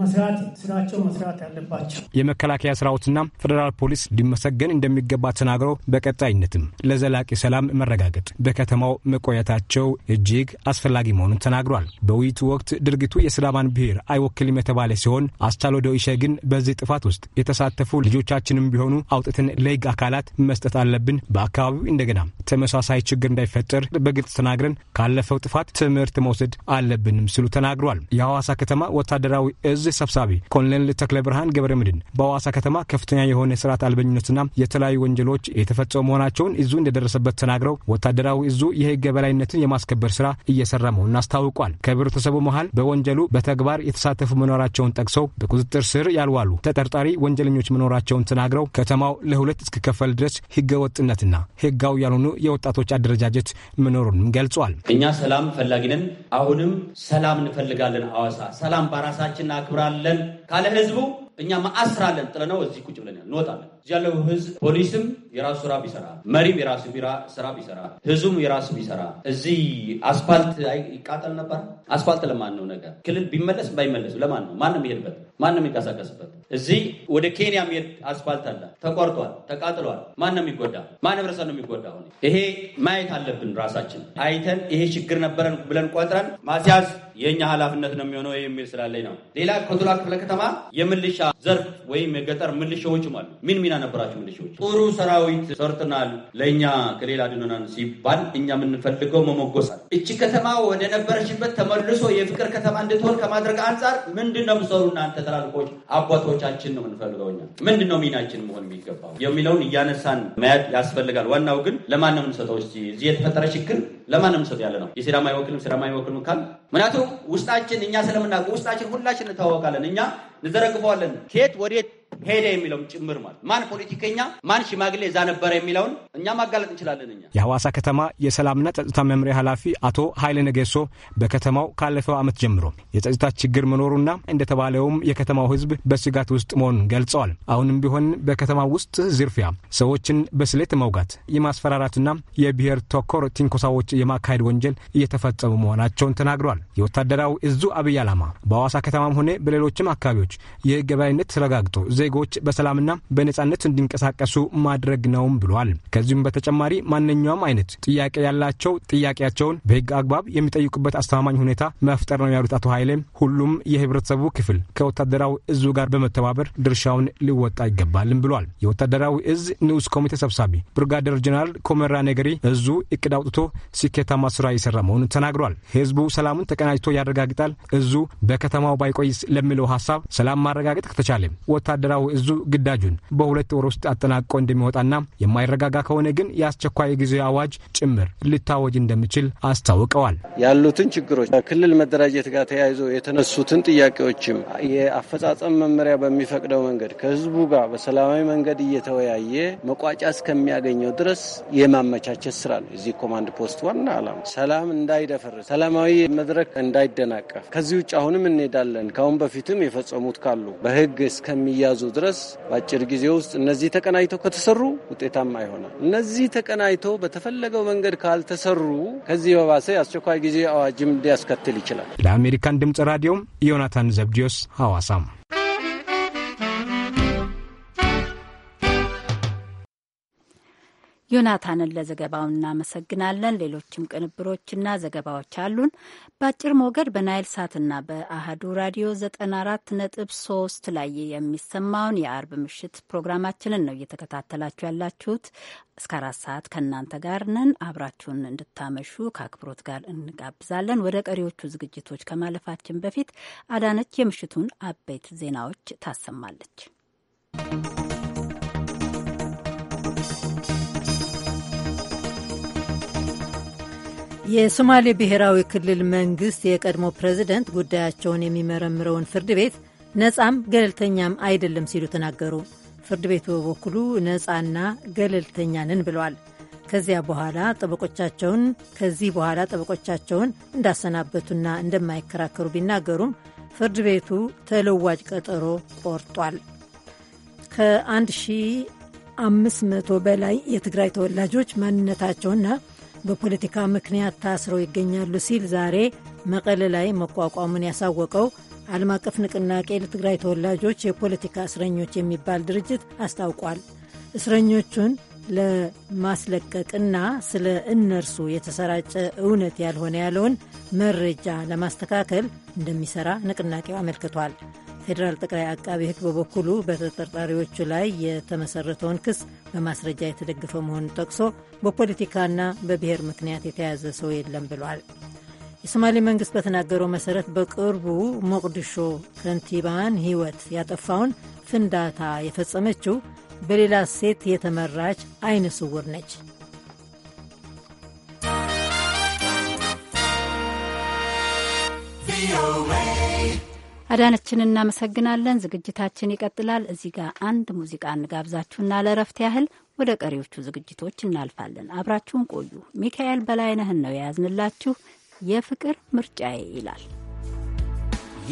መስራት ስራቸው መስራት ያለባቸው የመከላከያ ስራዎችና ፌዴራል ፖሊስ ሊመሰገን እንደሚገባ ተናግረው በቀጣይነትም ለዘላቂ ሰላም መረጋገጥ በከተማው መቆየታቸው እጅግ አስፈላጊ መሆኑን ተናግሯል። በውይይቱ ወቅት ድርጊቱ የሲዳማን ብሔር አይወክልም የተባለ ሲሆን አስቻለው ደዊሸ ግን በዚህ ጥፋት ውስጥ የተሳተፉ ልጆቻችንም ቢሆኑ አውጥተን ለህግ አካላት መስጠት አለብን። በአካባቢው እንደገና ተመሳሳይ ችግር እንዳይፈጠር በግልጽ ተናግረን ካለፈው ጥፋት ትምህርት መውሰድ አለብንም ሲሉ ተናግሯል። የሐዋሳ ከተማ ወታደራዊ እዝ ሰብሳቢ ኮሎኔል ተክለ ብርሃን ገብረ ምድን በሐዋሳ ከተማ ከፍተኛ የሆነ ስርዓት አልበኝነትና የተለያዩ ወንጀሎች የተፈጸሙ መሆናቸውን እዙ እንደደረሰበት ተናግረው ወታደራዊ እዙ የህግ የበላይነትን የማስከበር ስራ እየሰራ መሆኑን አስታውቋል። ከህብረተሰቡ መሀል በወንጀሉ በተግባር የተሳተፉ መኖራቸውን ጠቅሰው በቁጥጥር ስር ያልዋሉ ተጠርጣሪ ወንጀለኞች መኖራቸውን ተናግረው ከተማው ለሁለት እስክከፈል ድረስ ህገ ወጥነትና ህጋዊ ያልሆኑ የወጣቶች አደረጃጀት መኖሩንም ገልጿል። እኛ ሰላም ፈላጊ ነን። አሁንም ሰላም እንፈልጋለን። ሐዋሳ ሰላም በራሳችንና እናከብራለን ካለ ህዝቡ እኛ ማአስር አለን ጥለነው እዚህ ቁጭ ብለን እንወጣለን። እዚህ ያለው ህዝብ ፖሊስም የራሱ ስራ ቢሰራ፣ መሪም የራሱ ስራ ቢሰራ፣ ህዝቡም የራሱ ቢሰራ እዚህ አስፋልት ይቃጠል ነበር። አስፋልት ለማን ነው ነገር ክልል ቢመለስ ባይመለስ ለማን ነው? ማንም ይሄድበት፣ ማንም ይንቀሳቀስበት። እዚህ ወደ ኬንያ የሚሄድ አስፋልት አለ፣ ተቆርጧል፣ ተቃጥሏል። ማን ነው የሚጎዳ? ማን ህብረተሰብ ነው የሚጎዳ? ሆነ ይሄ ማየት አለብን። ራሳችን አይተን ይሄ ችግር ነበረን ብለን ቆጥረን ማስያዝ የእኛ ኃላፊነት ነው የሚሆነው የሚል ስላለኝ ነው። ሌላ ኮቶላ ክፍለ ከተማ የምልሻ ዘርፍ ወይም የገጠር ምልሻዎችም አሉ። ምን ሚና ነበራቸው ምልሻዎች? ጥሩ ሰራዊት ሰርተናል፣ ለእኛ ከሌላ ድኖናን ሲባል እኛ የምንፈልገው መሞጎሳል። እቺ ከተማ ወደ ነበረችበት ተመልሶ የፍቅር ከተማ እንድትሆን ከማድረግ አንጻር ምንድን ነው የምሰሩ እናንተ ተላልቆች አባቶቻችን ነው የምንፈልገው እኛ ምንድን ነው ሚናችን መሆን የሚገባው የሚለውን እያነሳን መያድ ያስፈልጋል። ዋናው ግን ለማን ነው የምንሰጠው? እዚህ የተፈጠረ ችግር ለማን ነው የምንሰጠው ያለ ነው። የሲዳማ አይወክልም ሲዳማ አይወክልም ካል ምክንያቱም ውስጣችን እኛ ስለምናውቅ ውስጣችን ሁላችን እንታወቃለን እኛ ልዘረግፈዋለን። ከየት ወዴት ሄደ የሚለውም ጭምር ማለት ማን ፖለቲከኛ ማን ሽማግሌ እዛ ነበረ የሚለውን እኛ ማጋለጥ እንችላለን። እኛ የሐዋሳ ከተማ የሰላምና ጸጥታ መምሪያ ኃላፊ አቶ ኃይለ ነገሶ በከተማው ካለፈው ዓመት ጀምሮ የጸጥታ ችግር መኖሩና እንደተባለውም የከተማው ሕዝብ በስጋት ውስጥ መሆኑን ገልጸዋል። አሁንም ቢሆን በከተማው ውስጥ ዝርፊያ፣ ሰዎችን በስሌት መውጋት፣ የማስፈራራትና የብሔር ተኮር ትንኮሳዎች የማካሄድ ወንጀል እየተፈጸሙ መሆናቸውን ተናግሯል። የወታደራዊ እዙ አብይ ዓላማ በሐዋሳ ከተማም ሆነ በሌሎችም አካባቢዎች የህግ የበላይነት ተረጋግጦ ዜጎች በሰላምና በነጻነት እንዲንቀሳቀሱ ማድረግ ነውም ብሏል። ከዚሁም በተጨማሪ ማንኛውም አይነት ጥያቄ ያላቸው ጥያቄያቸውን በህግ አግባብ የሚጠይቁበት አስተማማኝ ሁኔታ መፍጠር ነው ያሉት አቶ ኃይሌም ሁሉም የህብረተሰቡ ክፍል ከወታደራዊ እዙ ጋር በመተባበር ድርሻውን ሊወጣ ይገባልም ብሏል። የወታደራዊ እዝ ንዑስ ኮሚቴ ሰብሳቢ ብርጋደር ጀነራል ኮመራ ነገሪ እዙ እቅድ አውጥቶ ስኬታማ ስራ እየሰራ መሆኑን ተናግሯል። ህዝቡ ሰላሙን ተቀናጅቶ ያረጋግጣል። እዙ በከተማው ባይቆይስ ለሚለው ሀሳብ ሰላም ማረጋገጥ ከተቻለም ወታደራዊ የስራው እዙ ግዳጁን በሁለት ወር ውስጥ አጠናቆ እንደሚወጣና የማይረጋጋ ከሆነ ግን የአስቸኳይ ጊዜ አዋጅ ጭምር ልታወጅ እንደሚችል አስታውቀዋል። ያሉትን ችግሮች ክልል መደራጀት ጋር ተያይዞ የተነሱትን ጥያቄዎችም የአፈጻጸም መመሪያ በሚፈቅደው መንገድ ከህዝቡ ጋር በሰላማዊ መንገድ እየተወያየ መቋጫ እስከሚያገኘው ድረስ የማመቻቸት ስራ ነው እዚህ ኮማንድ ፖስት ዋና አላማ። ሰላም እንዳይደፈርስ፣ ሰላማዊ መድረክ እንዳይደናቀፍ ከዚህ ውጭ አሁንም እንሄዳለን። ከአሁን በፊትም የፈጸሙት ካሉ በህግ እስከሚያዙ ድረስ በአጭር ጊዜ ውስጥ እነዚህ ተቀናጅተው ከተሰሩ ውጤታማ ይሆናል። እነዚህ ተቀናጅተው በተፈለገው መንገድ ካልተሰሩ ከዚህ በባሰ የአስቸኳይ ጊዜ አዋጅም ሊያስከትል ይችላል። ለአሜሪካን ድምፅ ራዲዮም ዮናታን ዘብዲዮስ ሐዋሳም ዮናታንን ለዘገባው እናመሰግናለን። ሌሎችም ቅንብሮችና ዘገባዎች አሉን። በአጭር ሞገድ በናይል ሳትና በአህዱ ራዲዮ 94.3 ላይ የሚሰማውን የአርብ ምሽት ፕሮግራማችንን ነው እየተከታተላችሁ ያላችሁት። እስከ አራት ሰዓት ከእናንተ ጋር ነን። አብራችሁን እንድታመሹ ከአክብሮት ጋር እንጋብዛለን። ወደ ቀሪዎቹ ዝግጅቶች ከማለፋችን በፊት አዳነች የምሽቱን አበይት ዜናዎች ታሰማለች። የሶማሌ ብሔራዊ ክልል መንግስት የቀድሞ ፕሬዝደንት ጉዳያቸውን የሚመረምረውን ፍርድ ቤት ነፃም ገለልተኛም አይደለም ሲሉ ተናገሩ። ፍርድ ቤቱ በበኩሉ ነፃና ገለልተኛ ነን ብለዋል። ከዚያ በኋላ ጠበቆቻቸውን ከዚህ በኋላ ጠበቆቻቸውን እንዳሰናበቱና እንደማይከራከሩ ቢናገሩም ፍርድ ቤቱ ተለዋጭ ቀጠሮ ቆርጧል። ከ1500 በላይ የትግራይ ተወላጆች ማንነታቸውና በፖለቲካ ምክንያት ታስረው ይገኛሉ ሲል ዛሬ መቀለ ላይ መቋቋሙን ያሳወቀው ዓለም አቀፍ ንቅናቄ ለትግራይ ተወላጆች የፖለቲካ እስረኞች የሚባል ድርጅት አስታውቋል። እስረኞቹን ለማስለቀቅና ስለ እነርሱ የተሰራጨ እውነት ያልሆነ ያለውን መረጃ ለማስተካከል እንደሚሰራ ንቅናቄው አመልክቷል። ፌዴራል ጠቅላይ አቃቢ ሕግ በበኩሉ በተጠርጣሪዎቹ ላይ የተመሰረተውን ክስ በማስረጃ የተደገፈ መሆኑን ጠቅሶ በፖለቲካና በብሔር ምክንያት የተያዘ ሰው የለም ብሏል። የሶማሌ መንግስት በተናገረው መሰረት በቅርቡ ሞቅዲሾ ከንቲባን ህይወት ያጠፋውን ፍንዳታ የፈጸመችው በሌላ ሴት የተመራች አይነ ስውር ነች። ቪኦኤ አዳነችን እናመሰግናለን። ዝግጅታችን ይቀጥላል። እዚህ ጋር አንድ ሙዚቃ እንጋብዛችሁና ለእረፍት ያህል ወደ ቀሪዎቹ ዝግጅቶች እናልፋለን። አብራችሁን ቆዩ። ሚካኤል በላይነህን ነው የያዝንላችሁ። የፍቅር ምርጫዬ ይላል።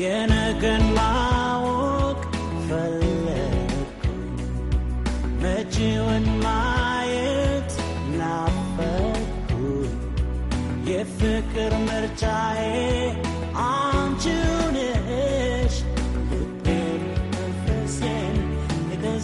የነገን ማወቅ ፈለግኩ መጪውን ማየት ናፈኩ የፍቅር ምርጫዬ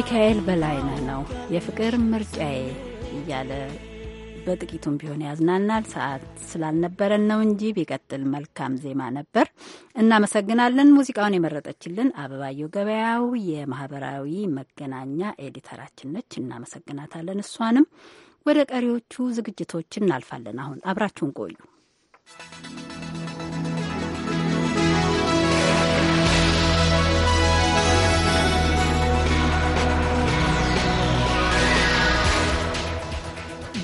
ሚካኤል በላይነህ ነው የፍቅር ምርጫዬ እያለ በጥቂቱም ቢሆን ያዝናናል። ሰዓት ስላልነበረን ነው እንጂ ቢቀጥል መልካም ዜማ ነበር። እናመሰግናለን። ሙዚቃውን የመረጠችልን አበባየው ገበያው የማህበራዊ መገናኛ ኤዲተራችን ነች። እናመሰግናታለን እሷንም። ወደ ቀሪዎቹ ዝግጅቶች እናልፋለን። አሁን አብራችሁን ቆዩ።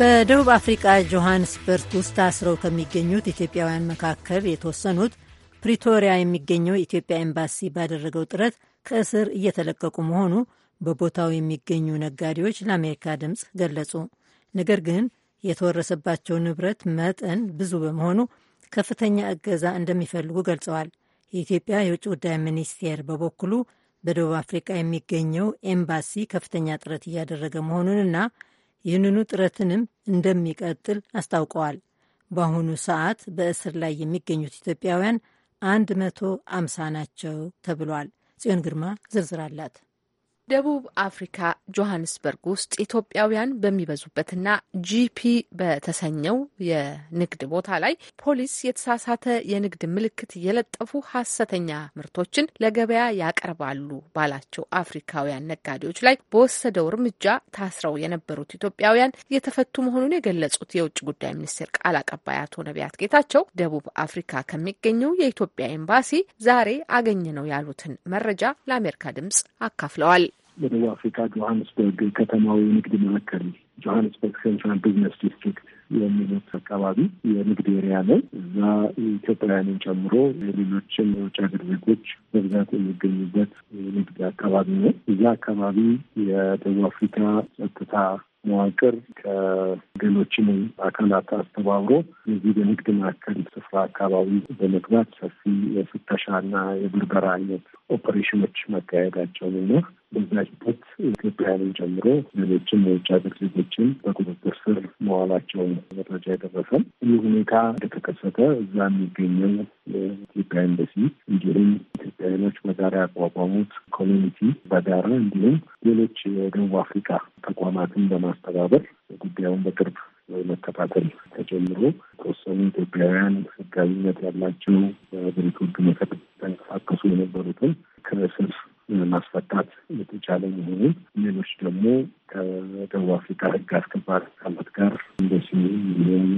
በደቡብ አፍሪቃ ጆሃንስበርግ ውስጥ ታስረው ከሚገኙት ኢትዮጵያውያን መካከል የተወሰኑት ፕሪቶሪያ የሚገኘው የኢትዮጵያ ኤምባሲ ባደረገው ጥረት ከእስር እየተለቀቁ መሆኑ በቦታው የሚገኙ ነጋዴዎች ለአሜሪካ ድምፅ ገለጹ። ነገር ግን የተወረሰባቸው ንብረት መጠን ብዙ በመሆኑ ከፍተኛ እገዛ እንደሚፈልጉ ገልጸዋል። የኢትዮጵያ የውጭ ጉዳይ ሚኒስቴር በበኩሉ በደቡብ አፍሪካ የሚገኘው ኤምባሲ ከፍተኛ ጥረት እያደረገ መሆኑንና ይህንኑ ጥረትንም እንደሚቀጥል አስታውቀዋል። በአሁኑ ሰዓት በእስር ላይ የሚገኙት ኢትዮጵያውያን መቶ አምሳ ናቸው ተብሏል። ጽዮን ግርማ ዝርዝር አላት። ደቡብ አፍሪካ ጆሀንስበርግ ውስጥ ኢትዮጵያውያን በሚበዙበትና ጂፒ በተሰኘው የንግድ ቦታ ላይ ፖሊስ የተሳሳተ የንግድ ምልክት የለጠፉ ሀሰተኛ ምርቶችን ለገበያ ያቀርባሉ ባላቸው አፍሪካውያን ነጋዴዎች ላይ በወሰደው እርምጃ ታስረው የነበሩት ኢትዮጵያውያን እየተፈቱ መሆኑን የገለጹት የውጭ ጉዳይ ሚኒስቴር ቃል አቀባይ አቶ ነቢያት ጌታቸው ደቡብ አፍሪካ ከሚገኘው የኢትዮጵያ ኤምባሲ ዛሬ አገኘ ነው ያሉትን መረጃ ለአሜሪካ ድምጽ አካፍለዋል። በደቡብ አፍሪካ ጆሀንስበርግ ከተማዊ ንግድ መመከል ጆሀንስበርግ ሴንትራል ቢዝነስ ዲስትሪክት የሚሉት አካባቢ የንግድ ኤሪያ ነው። እዛ ኢትዮጵያውያንን ጨምሮ ሌሎችም የውጭ ሀገር ዜጎች በብዛት የሚገኙበት የንግድ አካባቢ ነው። እዛ አካባቢ የደቡብ አፍሪካ ጸጥታ መዋቅር ከገሎችን አካላት አስተባብሮ የዚህ በንግድ መካከል ስፍራ አካባቢ በመግባት ሰፊ የፍተሻና የብርበራ አይነት ኦፐሬሽኖች ነው። በዛ ሂደት ኢትዮጵያውያንን ጨምሮ ሌሎችም የውጭ ሀገር ዜጎችን በቁጥጥር ስር መዋላቸው መረጃ የደረሰን። ይህ ሁኔታ እንደተከሰተ እዛ የሚገኘው የኢትዮጵያ ኤምባሲ እንዲሁም ኢትዮጵያውያኖች በጋራ ያቋቋሙት ኮሚኒቲ በጋራ እንዲሁም ሌሎች የደቡብ አፍሪካ ተቋማትን በማስተባበር ጉዳዩን በቅርብ መከታተል ተጀምሮ የተወሰኑ ኢትዮጵያውያን ህጋዊነት ያላቸው በሀገሪቱ ህግ መሰረት ተንቀሳቀሱ የነበሩትን ከእስር ማስፈታት የተቻለ መሆኑን ሌሎች ደግሞ ከደቡብ አፍሪካ ሕግ አስከባሪ አካላት ጋር እንደሲ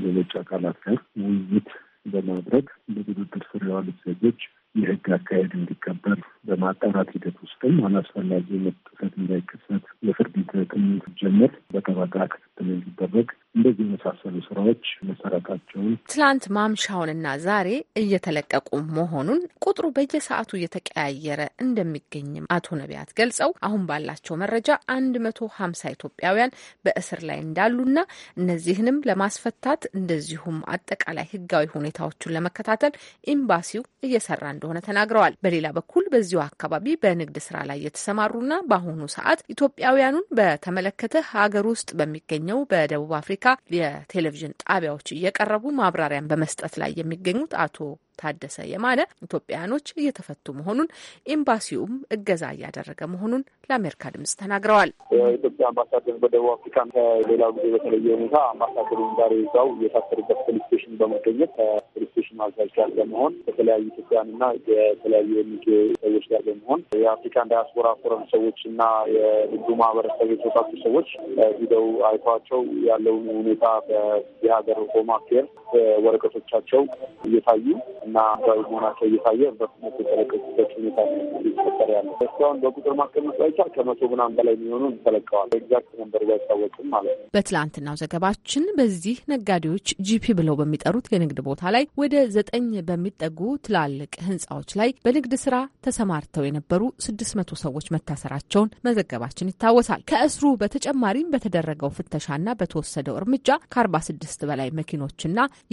ሌሎች አካላት ጋር ውይይት በማድረግ በቁጥጥር ስር የዋሉት ዜጎች የህግ አካሄድ እንዲከበር በማጣራት ሂደት ውስጥም አላስፈላጊ መጥሰት እንዳይከሰት የፍርድ ሂደት ጀምር በተባራ ክትትል እንዲደረግ እንደዚህ የመሳሰሉ ስራዎች መሰረታቸውን ትላንት ማምሻውንና ዛሬ እየተለቀቁ መሆኑን ቁጥሩ በየሰዓቱ እየተቀያየረ እንደሚገኝም አቶ ነቢያት ገልጸው አሁን ባላቸው መረጃ አንድ መቶ ሀምሳ ኢትዮጵያውያን በእስር ላይ እንዳሉና እነዚህንም ለማስፈታት እንደዚሁም አጠቃላይ ህጋዊ ሁኔታዎቹን ለመከታተል ኤምባሲው እየሰራ እንደሆነ ተናግረዋል። በሌላ በኩል በዚሁ አካባቢ በንግድ ስራ ላይ የተሰማሩና በአሁኑ ሰዓት ኢትዮጵያውያኑን በተመለከተ ሀገር ውስጥ በሚገኝ በሚገኘው በደቡብ አፍሪካ የቴሌቪዥን ጣቢያዎች እየቀረቡ ማብራሪያን በመስጠት ላይ የሚገኙት አቶ ታደሰ የማነ ኢትዮጵያውያኖች እየተፈቱ መሆኑን ኤምባሲውም እገዛ እያደረገ መሆኑን ለአሜሪካ ድምጽ ተናግረዋል። የኢትዮጵያ አምባሳደር በደቡብ አፍሪካ ከሌላ ጊዜ በተለየ ሁኔታ አምባሳደሩን ዛሬ እዛው የታሰሩበት ፖሊስ ስቴሽን በመገኘት ከፖሊስ ስቴሽን አዛዥ ጋር በመሆን የተለያዩ ኢትዮጵያውያንና የተለያዩ የሚጌ ሰዎች ጋር በመሆን የአፍሪካን ዳያስፖራ ፎረም ሰዎች እና የህዱ ማህበረሰብ የተወጣጡ ሰዎች ሂደው አይተዋቸው ያለውን ሁኔታ የሀገር ሆም አፌር ወረቀቶቻቸው እየታዩ እና ህጋዊ እየታየ በፍጥነት የተለቀቁበት ሁኔታ ሊፈጠር ያለ እስካሁን በቁጥር ማስቀመጥ ባይቻል ከመቶ ምናምን በላይ የሚሆኑ ተለቀዋል። ኤግዛክት ነንበር ባይታወቅም ማለት ነው። በትላንትናው ዘገባችን በዚህ ነጋዴዎች ጂፒ ብለው በሚጠሩት የንግድ ቦታ ላይ ወደ ዘጠኝ በሚጠጉ ትላልቅ ህንፃዎች ላይ በንግድ ስራ ተሰማርተው የነበሩ ስድስት መቶ ሰዎች መታሰራቸውን መዘገባችን ይታወሳል። ከእስሩ በተጨማሪም በተደረገው ፍተሻና በተወሰደው እርምጃ ከአርባ ስድስት በላይ መኪኖችና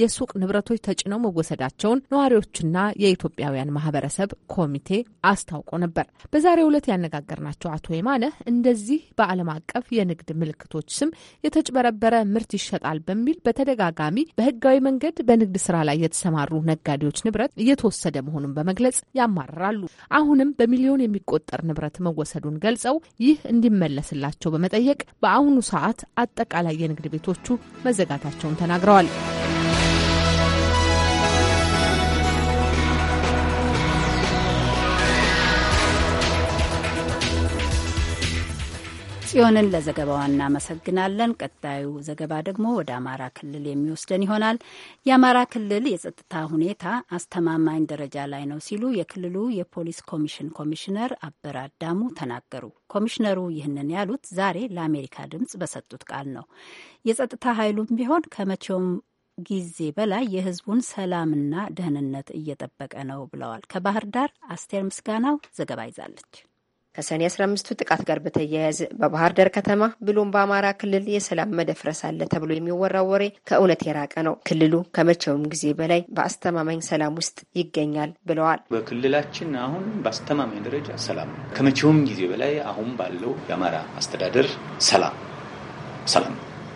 የሱቅ ንብረቶች ተጭነው መወሰዳቸውን ነዋ ነዋሪዎችና የኢትዮጵያውያን ማህበረሰብ ኮሚቴ አስታውቆ ነበር። በዛሬው ዕለት ያነጋገርናቸው አቶ የማነ እንደዚህ በዓለም አቀፍ የንግድ ምልክቶች ስም የተጭበረበረ ምርት ይሸጣል በሚል በተደጋጋሚ በህጋዊ መንገድ በንግድ ስራ ላይ የተሰማሩ ነጋዴዎች ንብረት እየተወሰደ መሆኑን በመግለጽ ያማርራሉ። አሁንም በሚሊዮን የሚቆጠር ንብረት መወሰዱን ገልጸው ይህ እንዲመለስላቸው በመጠየቅ በአሁኑ ሰዓት አጠቃላይ የንግድ ቤቶቹ መዘጋታቸውን ተናግረዋል። ጽዮንን ለዘገባዋ እናመሰግናለን። ቀጣዩ ዘገባ ደግሞ ወደ አማራ ክልል የሚወስደን ይሆናል። የአማራ ክልል የጸጥታ ሁኔታ አስተማማኝ ደረጃ ላይ ነው ሲሉ የክልሉ የፖሊስ ኮሚሽን ኮሚሽነር አበር አዳሙ ተናገሩ። ኮሚሽነሩ ይህንን ያሉት ዛሬ ለአሜሪካ ድምፅ በሰጡት ቃል ነው። የጸጥታ ኃይሉም ቢሆን ከመቼውም ጊዜ በላይ የሕዝቡን ሰላምና ደህንነት እየጠበቀ ነው ብለዋል። ከባህር ዳር አስቴር ምስጋናው ዘገባ ይዛለች። ከሰኔ 15ቱ ጥቃት ጋር በተያያዘ በባህር ዳር ከተማ ብሎም በአማራ ክልል የሰላም መደፍረስ አለ ተብሎ የሚወራው ወሬ ከእውነት የራቀ ነው። ክልሉ ከመቼውም ጊዜ በላይ በአስተማማኝ ሰላም ውስጥ ይገኛል ብለዋል። በክልላችን አሁን በአስተማማኝ ደረጃ ሰላም ነው። ከመቼውም ጊዜ በላይ አሁን ባለው የአማራ አስተዳደር ሰላም ሰላም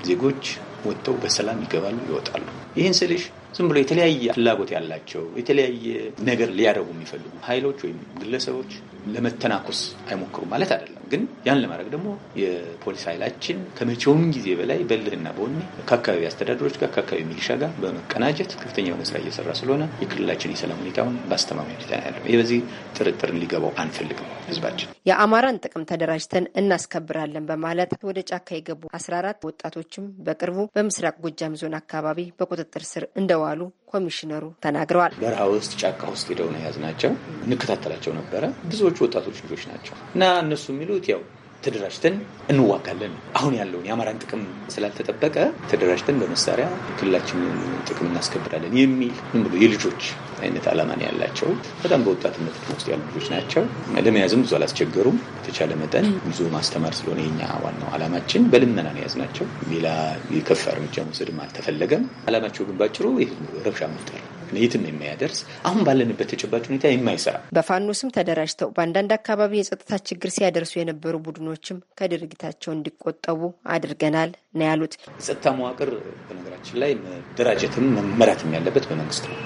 ዜጎች ወጥተው በሰላም ይገባሉ፣ ይወጣሉ። ይህን ስልሽ ዝም ብሎ የተለያየ ፍላጎት ያላቸው የተለያየ ነገር ሊያደርጉ የሚፈልጉ ኃይሎች ወይም ግለሰቦች ለመተናኮስ አይሞክሩም ማለት አይደለም። ግን ያን ለማድረግ ደግሞ የፖሊስ ኃይላችን ከመቼውም ጊዜ በላይ በልህና በወኔ ከአካባቢ አስተዳደሮች ጋር ከአካባቢ ሚሊሻ ጋር በመቀናጀት ከፍተኛ የሆነ ስራ እየሰራ ስለሆነ የክልላችን የሰላም ሁኔታውን በአስተማማኝ ሁኔታ ያለው በዚህ ጥርጥር ሊገባው አንፈልግም። ህዝባችን የአማራን ጥቅም ተደራጅተን እናስከብራለን በማለት ወደ ጫካ የገቡ አስራ አራት ወጣቶችም በቅርቡ በምስራቅ ጎጃም ዞን አካባቢ በቁጥጥር ስር እንደዋሉ ኮሚሽነሩ ተናግረዋል። በረሃ ውስጥ ጫካ ውስጥ ሄደው ነው የያዝናቸው። እንከታተላቸው ነበረ። ብዙዎቹ ወጣቶች ልጆች ናቸው እና እነሱ የሚሉት ያው ተደራጅተን እንዋጋለን። አሁን ያለውን የአማራን ጥቅም ስላልተጠበቀ ተደራጅተን በመሳሪያ ክልላችንን ጥቅም እናስከብራለን የሚል ብሎ የልጆች አይነት አላማ ነው ያላቸው። በጣም በወጣትነት ውስጥ ያሉ ልጆች ናቸው። ለመያዝም ብዙ አላስቸገሩም። በተቻለ መጠን ይዞ ማስተማር ስለሆነ የኛ ዋናው አላማችን በልመና ነው የያዝናቸው። ሌላ የከፍ እርምጃ መውሰድም አልተፈለገም። አላማቸው ግን ባጭሩ ረብሻ መፍጠር የትም የማያደርስ አሁን ባለንበት ተጨባጭ ሁኔታ የማይሰራ በፋኖ ስም ተደራጅተው በአንዳንድ አካባቢ የጸጥታ ችግር ሲያደርሱ የነበሩ ቡድኖችም ከድርጊታቸው እንዲቆጠቡ አድርገናል ነው ያሉት። የጸጥታ መዋቅር በነገራችን ላይ መደራጀትም መመራትም ያለበት በመንግስት ነው።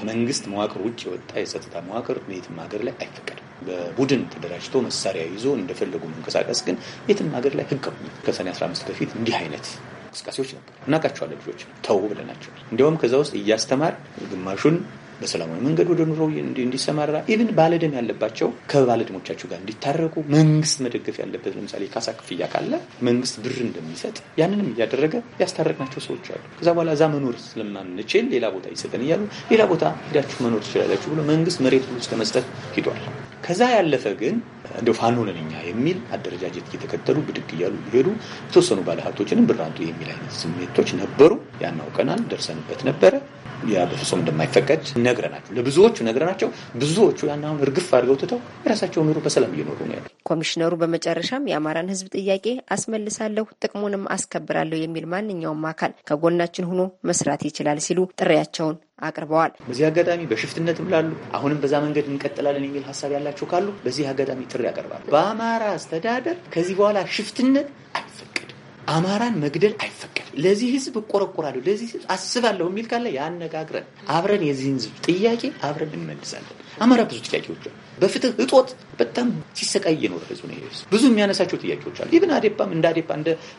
ከመንግስት መዋቅር ውጭ የወጣ የጸጥታ መዋቅር በየትም ሀገር ላይ አይፈቀድም። በቡድን ተደራጅቶ መሳሪያ ይዞ እንደፈለጉ መንቀሳቀስ ግን የትም ሀገር ላይ ህግ ነው። ከሰኔ 15 በፊት እንዲህ አይነት እንቅስቃሴዎች ነበር። እናውቃቸዋለን። ልጆች ተው ብለናቸው እንዲያውም ከዛ ውስጥ እያስተማር ግማሹን በሰላማዊ መንገድ ወደ ኑሮ እንዲሰማራ ኢቭን ባለደም ያለባቸው ከባለደሞቻቸው ጋር እንዲታረቁ መንግስት መደገፍ ያለበት ለምሳሌ ካሳ ክፍያ ካለ መንግስት ብር እንደሚሰጥ ያንንም እያደረገ ያስታረቅናቸው ሰዎች አሉ። ከዛ በኋላ እዛ መኖር ስለማንችል ሌላ ቦታ ይሰጠን እያሉ ሌላ ቦታ ሄዳችሁ መኖር ትችላላችሁ ብሎ መንግስት መሬት ሁሉ መስጠት ሂዷል። ከዛ ያለፈ ግን እንደ ፋኖ ነን እኛ የሚል አደረጃጀት እየተከተሉ ብድግ እያሉ ሄዱ። የተወሰኑ ባለሀብቶችንም ብራንቱ የሚል አይነት ስሜቶች ነበሩ። ያናውቀናል ደርሰንበት ነበረ። ያ በፍጹም እንደማይፈቀድ ነግረናቸው ለብዙዎቹ ነግረናቸው ብዙዎቹ ያን አሁን እርግፍ አድርገው ትተው የራሳቸውን ኑሮ በሰላም እየኖሩ ነው ያሉ። ኮሚሽነሩ በመጨረሻም የአማራን ህዝብ ጥያቄ አስመልሳለሁ፣ ጥቅሙንም አስከብራለሁ የሚል ማንኛውም አካል ከጎናችን ሆኖ መስራት ይችላል ሲሉ ጥሪያቸውን አቅርበዋል። በዚህ አጋጣሚ በሽፍትነትም ላሉ አሁንም በዛ መንገድ እንቀጥላለን የሚል ሀሳብ ያላቸው ካሉ በዚህ አጋጣሚ ጥሪ ያቀርባሉ። በአማራ አስተዳደር ከዚህ በኋላ ሽፍትነት አማራን መግደል አይፈቀድም፣ ለዚህ ህዝብ እቆረቆራለሁ፣ ለዚህ ህዝብ አስባለሁ የሚል ካለ ያነጋግረን፣ አብረን የዚህን ህዝብ ጥያቄ አብረን እንመልሳለን። አማራ ብዙ ጥያቄዎች አሉ። በፍትህ እጦት በጣም ሲሰቃይ የኖረ ህዝብ ነው። ብዙ የሚያነሳቸው ጥያቄዎች አሉ። ኢብን አዴፓም እንደ አዴፓ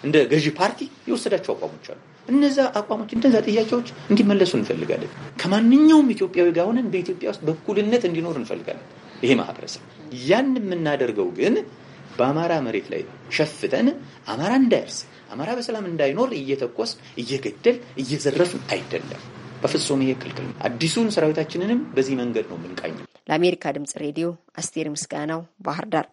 እንደ ገዢ ፓርቲ የወሰዳቸው አቋሞች አሉ። እነዛ አቋሞች፣ እነዛ ጥያቄዎች እንዲመለሱ እንፈልጋለን። ከማንኛውም ኢትዮጵያዊ ጋር ሆነን በኢትዮጵያ ውስጥ በእኩልነት እንዲኖር እንፈልጋለን። ይሄ ማህበረሰብ ያን የምናደርገው ግን በአማራ መሬት ላይ ሸፍተን አማራ እንዳያርስ አማራ በሰላም እንዳይኖር እየተኮስ እየገደል እየዘረፍን አይደለም። በፍጹም ይሄ ክልክል። አዲሱን ሰራዊታችንንም በዚህ መንገድ ነው የምንቃኝ። ለአሜሪካ ድምጽ ሬዲዮ አስቴር ምስጋናው ባህር ዳር።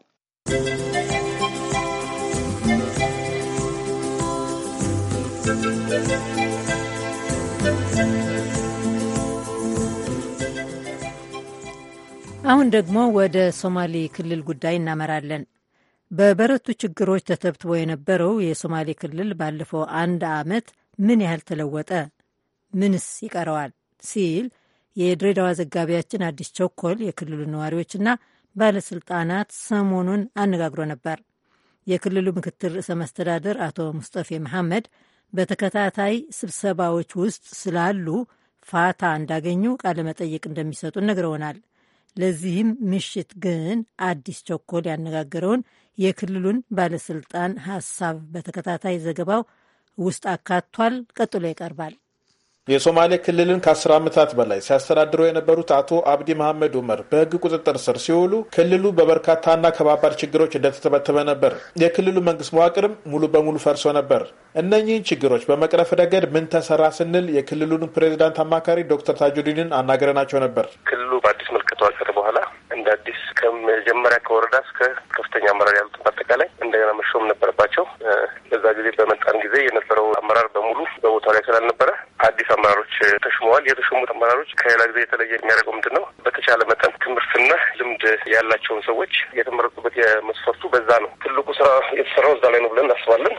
አሁን ደግሞ ወደ ሶማሌ ክልል ጉዳይ እናመራለን። በበረቱ ችግሮች ተተብትቦ የነበረው የሶማሌ ክልል ባለፈው አንድ ዓመት ምን ያህል ተለወጠ? ምንስ ይቀረዋል? ሲል የድሬዳዋ ዘጋቢያችን አዲስ ቸኮል የክልሉ ነዋሪዎችና ባለስልጣናት ሰሞኑን አነጋግሮ ነበር። የክልሉ ምክትል ርዕሰ መስተዳደር አቶ ሙስጠፌ መሐመድ በተከታታይ ስብሰባዎች ውስጥ ስላሉ ፋታ እንዳገኙ ቃለመጠይቅ እንደሚሰጡን ነግረውናል። ለዚህም ምሽት ግን አዲስ ቸኮል ያነጋገረውን የክልሉን ባለስልጣን ሀሳብ በተከታታይ ዘገባው ውስጥ አካቷል። ቀጥሎ ይቀርባል። የሶማሌ ክልልን ከአስር ዓመታት በላይ ሲያስተዳድሩ የነበሩት አቶ አብዲ መሐመድ ኡመር በህግ ቁጥጥር ስር ሲውሉ ክልሉ በበርካታና ከባባድ ችግሮች እንደተተበተበ ነበር። የክልሉ መንግስት መዋቅርም ሙሉ በሙሉ ፈርሶ ነበር። እነኚህን ችግሮች በመቅረፍ ረገድ ምን ተሰራ ስንል የክልሉን ፕሬዚዳንት አማካሪ ዶክተር ታጁዲንን አናገረናቸው ነበር። ክልሉ በአዲስ መልክ ከተዋቀረ በኋላ እንደ አዲስ ከመጀመሪያ ከወረዳ እስከ ከፍተኛ አመራር ያሉት በአጠቃላይ እንደገና መሾም ነበረባቸው። በዛ ጊዜ በመጣን ጊዜ የነበረው አመራር በሙሉ በቦታው ላይ ስላልነበረ አዲስ አመራሮች ተሽመዋል። የተሾሙት አመራሮች ከሌላ ጊዜ የተለየ የሚያደርገው ምንድን ነው? በተቻለ መጠን ትምህርትና ልምድ ያላቸውን ሰዎች የተመረጡበት የመስፈርቱ በዛ ነው። ትልቁ ስራ የተሰራው እዛ ላይ ነው ብለን እናስባለን።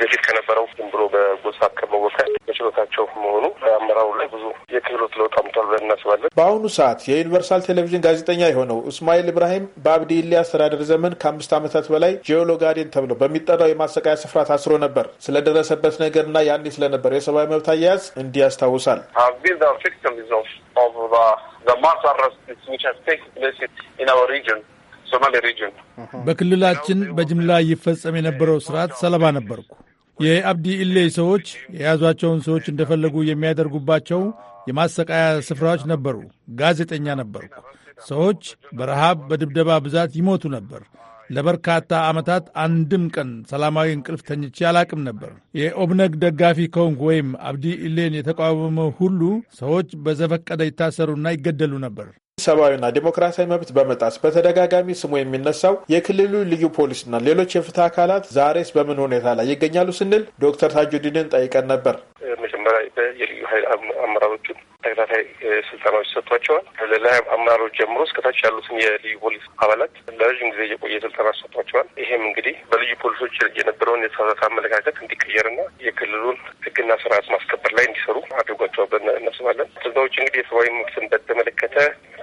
ከዚህ በፊት ከነበረው ዝም ብሎ በጎሳ ከመወከል በችሎታቸው መሆኑ በአመራሩ ላይ ብዙ የክህሎት ለውጥ አምቷል ብለን እናስባለን። በአሁኑ ሰዓት የዩኒቨርሳል ቴሌቪዥን ጋዜጠኛ የሆነው እስማኤል ኢብራሂም በአብዲ ኢሌ አስተዳደር ዘመን ከአምስት ዓመታት በላይ ጂኦሎጋዴን ተብሎ በሚጠራው የማሰቃያ ስፍራ ታስሮ ነበር። ስለደረሰበት ነገርና ያኔ ስለነበረው የሰብአዊ መብት አያያዝ እንዲህ ያስታውሳል። በክልላችን በጅምላ ይፈጸም የነበረው ስርዓት ሰለባ ነበርኩ። የአብዲ ኢሌ ሰዎች የያዟቸውን ሰዎች እንደፈለጉ የሚያደርጉባቸው የማሰቃያ ስፍራዎች ነበሩ። ጋዜጠኛ ነበርኩ። ሰዎች በረሃብ በድብደባ ብዛት ይሞቱ ነበር። ለበርካታ ዓመታት አንድም ቀን ሰላማዊ እንቅልፍ ተኝቼ አላቅም ነበር። የኦብነግ ደጋፊ ከሆንኩ ወይም አብዲ ኢሌን የተቃወመ ሁሉ ሰዎች በዘፈቀደ ይታሰሩና ይገደሉ ነበር። ሰብአዊና ዲሞክራሲያዊ መብት በመጣስ በተደጋጋሚ ስሙ የሚነሳው የክልሉ ልዩ ፖሊስና ሌሎች የፍትህ አካላት ዛሬስ በምን ሁኔታ ላይ ይገኛሉ ስንል ዶክተር ታጁዲንን ጠይቀን ነበር። መጀመሪያ የልዩ ኃይል አመራሮችን ተከታታይ ስልጠናዎች ሰጥቷቸዋል። ለላይ አመራሮች ጀምሮ እስከታች ያሉትን የልዩ ፖሊስ አባላት ለረዥም ጊዜ የቆየ ስልጠና ሰጥቷቸዋል። ይሄም እንግዲህ በልዩ ፖሊሶች የነበረውን የተሳሳተ አመለካከት እንዲቀየርና የክልሉን ሕግና ስርዓት ማስከበር ላይ እንዲሰሩ አድርጓቸዋል ብለን እናስባለን። ስልጠናዎች እንግዲህ የሰብአዊ መብትን በተመለከተ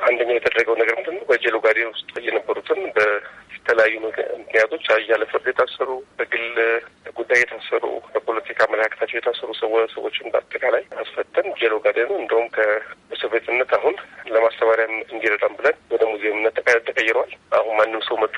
አንደኛው የተደረገው ነገር ምንድን ነው? በጀሎ ጋርዴን ውስጥ የነበሩትን በተለያዩ ምክንያቶች ያለ ፍርድ የታሰሩ በግል ጉዳይ የታሰሩ በፖለቲካ አመለካከታቸው የታሰሩ ሰዎችን በአጠቃላይ አስፈተን ጀሎ ነው እንደውም ከእስር ቤትነት አሁን ለማስተባሪያ እንዲረዳም ብለን ወደ ሙዚየምነት ተቀይረዋል። አሁን ማንም ሰው መጥቶ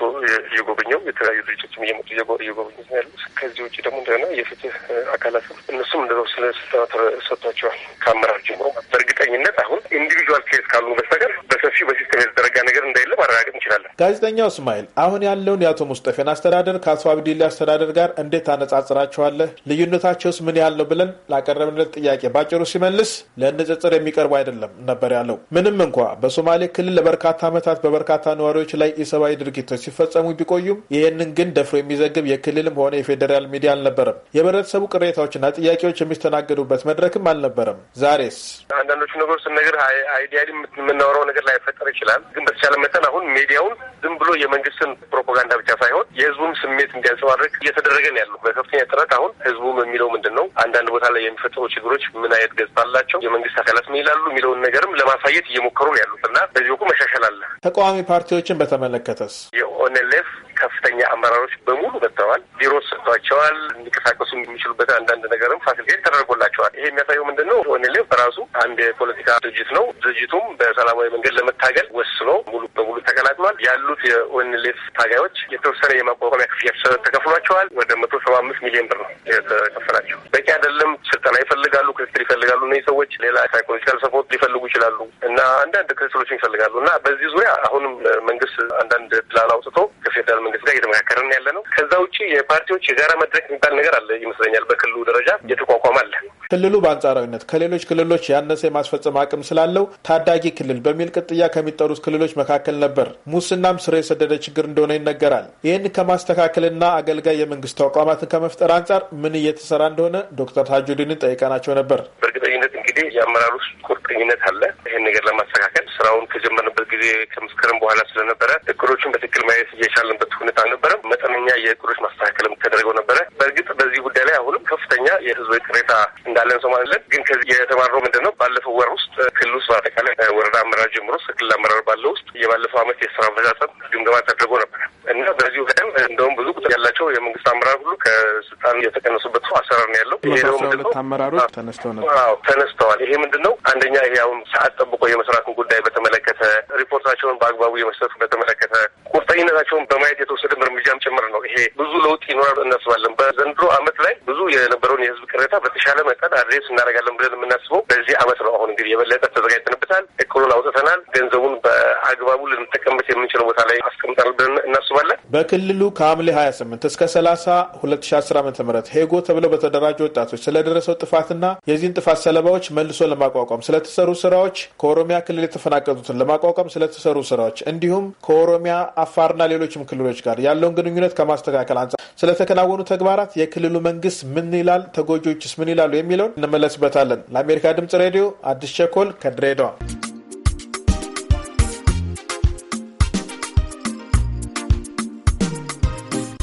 እየጎበኘው የተለያዩ ድርጅቶችም እየመጡ እየጎበኙት ነው ያሉት። ከዚህ ውጭ ደግሞ እንደገና የፍትህ አካላት እነሱም እንደው ስለ ስልጠና ተሰጥቷቸዋል ከአመራር ጀምሮ። በእርግጠኝነት አሁን ኢንዲቪጁዋል ኬዝ ካሉ በስተቀር በሰፊው በሲስተም የተደረጋ ነገር እንዳለ ማረጋገጥ እንችላለን። ጋዜጠኛው እስማኤል አሁን ያለውን የአቶ ሙስጠፌን አስተዳደር ከአቶ አብዲሌ አስተዳደር ጋር እንዴት አነጻጽራቸዋለህ? ልዩነታቸውስ ምን ያህል ነው ብለን ላቀረብንለት ጥያቄ ባጭሩ ሲመልስ ለንጽጽር የሚቀርቡ አይደለም ነበር ያለው። ምንም እንኳ በሶማሌ ክልል ለበርካታ ዓመታት በበርካታ ነዋሪዎች ላይ ኢሰብአዊ ድርጊቶች ሲፈጸሙ ቢቆዩም ይህንን ግን ደፍሮ የሚዘግብ የክልልም ሆነ የፌዴራል ሚዲያ አልነበረም። የህብረተሰቡ ቅሬታዎችና ጥያቄዎች የሚስተናገዱበት መድረክም አልነበረም። ዛሬስ አንዳንዶቹ ነገሮች ስነገር አይዲያሊ የምናወራው ነገር ላይፈጠር ይችላል። ግን በተቻለ መጠን አሁን ሚዲያውን ዝም ብሎ የመንግስትን ፕሮፓጋንዳ ብቻ ሳይሆን የህዝቡን ስሜት እንዲያንጸባርቅ እየተደረገ ነው ያለው በከፍተኛ ጥረት። አሁን ህዝቡ የሚለው ምንድን ነው? አንዳንድ ቦታ ላይ የሚፈጠሩ ችግሮች ምን አይነት ገጽታ አላቸው? የመንግስት አካላት ምን ይላሉ የሚለውን ነገርም ለማሳየት እየሞከሩ ነው ያሉት እና በዚህ በኩል መሻሻል አለ። ተቃዋሚ ፓርቲዎችን በተመለከተስ የኦንልፍ ከፍተኛ አመራሮች በሙሉ መጥተዋል። ቢሮ ሰጥቷቸዋል። እንዲንቀሳቀሱ የሚችሉበት አንዳንድ ነገርም ፋሲሊቴት ተደርጎላቸዋል። ይሄ የሚያሳየው ምንድን ነው? ኦኔሌቭ በራሱ አንድ የፖለቲካ ድርጅት ነው። ድርጅቱም በሰላማዊ መንገድ ለመታገል ወስኖ ሙሉ በሙሉ ተቀላቅሏል። ያሉት የኦኔሌቭ ታጋዮች የተወሰነ የማቋቋሚያ ክፍያ ተከፍሏቸዋል። ወደ መቶ ሰባ አምስት ሚሊዮን ብር ነው የተከፈላቸው። በቂ አይደለም። ስልጠና ይፈልጋሉ፣ ክትትል ይፈልጋሉ። እነዚህ ሰዎች ሌላ ሳይኮሎጂካል ሰፖርት ሊፈልጉ ይችላሉ እና አንዳንድ ክትትሎችን ይፈልጋሉ እና በዚህ ዙሪያ አሁንም መንግስት አንዳንድ ፕላን አውጥቶ ከፌደራል መንግስት ጋር እየተመካከርን ያለ ነው። ከዛ ውጭ የፓርቲዎች የጋራ መድረክ የሚባል ነገር አለ ይመስለኛል በክልሉ ደረጃ እየተቋቋመ አለ። ክልሉ በአንጻራዊነት ከሌሎች ክልሎች ያነሰ የማስፈጸም አቅም ስላለው ታዳጊ ክልል በሚል ቅጥያ ከሚጠሩት ክልሎች መካከል ነበር። ሙስናም ስር የሰደደ ችግር እንደሆነ ይነገራል። ይህን ከማስተካከልና አገልጋይ የመንግስት ተቋማትን ከመፍጠር አንጻር ምን እየተሰራ እንደሆነ ዶክተር ታጁዲንን ጠይቀናቸው ነበር። በእርግጠኝነት እንግዲህ የአመራር ውስጥ ቁርጠኝነት አለ። ይህን ነገር ለማስተካከል ስራውን ከጀመርንበት ጊዜ ከመስከረም በኋላ ስለነበረ እቅዶችን በትክክል ማየት እየቻለንበት ሁኔታ አልነበረም። መጠነኛ የእቅዶች ማስተካከልም ተደርገው ነበረ። በእርግጥ በዚህ ጉዳይ ላይ አሁንም ከፍተኛ የህዝብ ቅሬታ እንዳለን ሰው ማለት ግን ከዚህ የተማረው ምንድን ነው ባለፈው ወር ውስጥ ክልል ውስጥ በአጠቃላይ ወረዳ አመራር ጀምሮ እስከ ክልል አመራር ባለው ውስጥ የባለፈው አመት የስራ አፈጻጸም ግምገማ ተደርጎ ነበር። እና በዚሁ ቀን እንደውም ብዙ ቁጥር ያላቸው የመንግስት አመራር ሁሉ ከስልጣን የተቀነሱበት አሰራር ነው ያለው። ይሄ ደግሞ ምንድን ነው አመራሮች ተነስተው ነበር። ተነስተዋል። ይሄ ምንድን ነው አንደኛ ይሄ አሁን ሰዓት ጠብቆ የመስራትን ጉዳይ በተመለከተ ሪፖርታቸውን በአግባቡ የመስጠቱ በተመለከተ ቁርጠኝነታቸውን በማየት የተወሰደም እርምጃም ጭምር ነው። ይሄ ብዙ ለውጥ ይኖራል እናስባለን። በዘንድሮ አመት ላይ ብዙ የነበረውን የህዝብ ቅሬታ በተሻለ መጠን አድሬስ እናደርጋለን ብለን የምናስበው በዚህ አመት ነው። አሁን እንግዲህ የበለጠ ተዘጋጅተንበታል። እቅዱን አውጥተናል። ገንዘቡን በአግባቡ ልንጠቀምበት የምንችለው ቦታ ላይ አስቀምጠናል ብለን እናስባለን። በክልሉ ከሐምሌ ሀያ ስምንት እስከ ሰላሳ ሁለት ሺ አስር አመተ ምህረት ሄጎ ተብለው በተደራጁ ወጣቶች ስለደረሰው ጥፋትና የዚህን ጥፋት ሰለባዎች መልሶ ለማቋቋም ስለተሰሩ ስራዎች፣ ከኦሮሚያ ክልል የተፈናቀሉትን ለማቋቋም ስለተሰሩ ስራዎች እንዲሁም ከኦሮሚያ አፋርና ሌሎችም ክልሎች ጋር ያለውን ግንኙነት ከማስተካከል አንጻር ስለተከናወኑ ተግባራት የክልሉ መንግስት ምን ይላል፣ ተጎጂዎችስ ምን ይላሉ የሚለውን እንመለስበታለን። ለአሜሪካ ድምጽ ሬዲዮ አዲስ ቸኮል ከድሬዳዋ።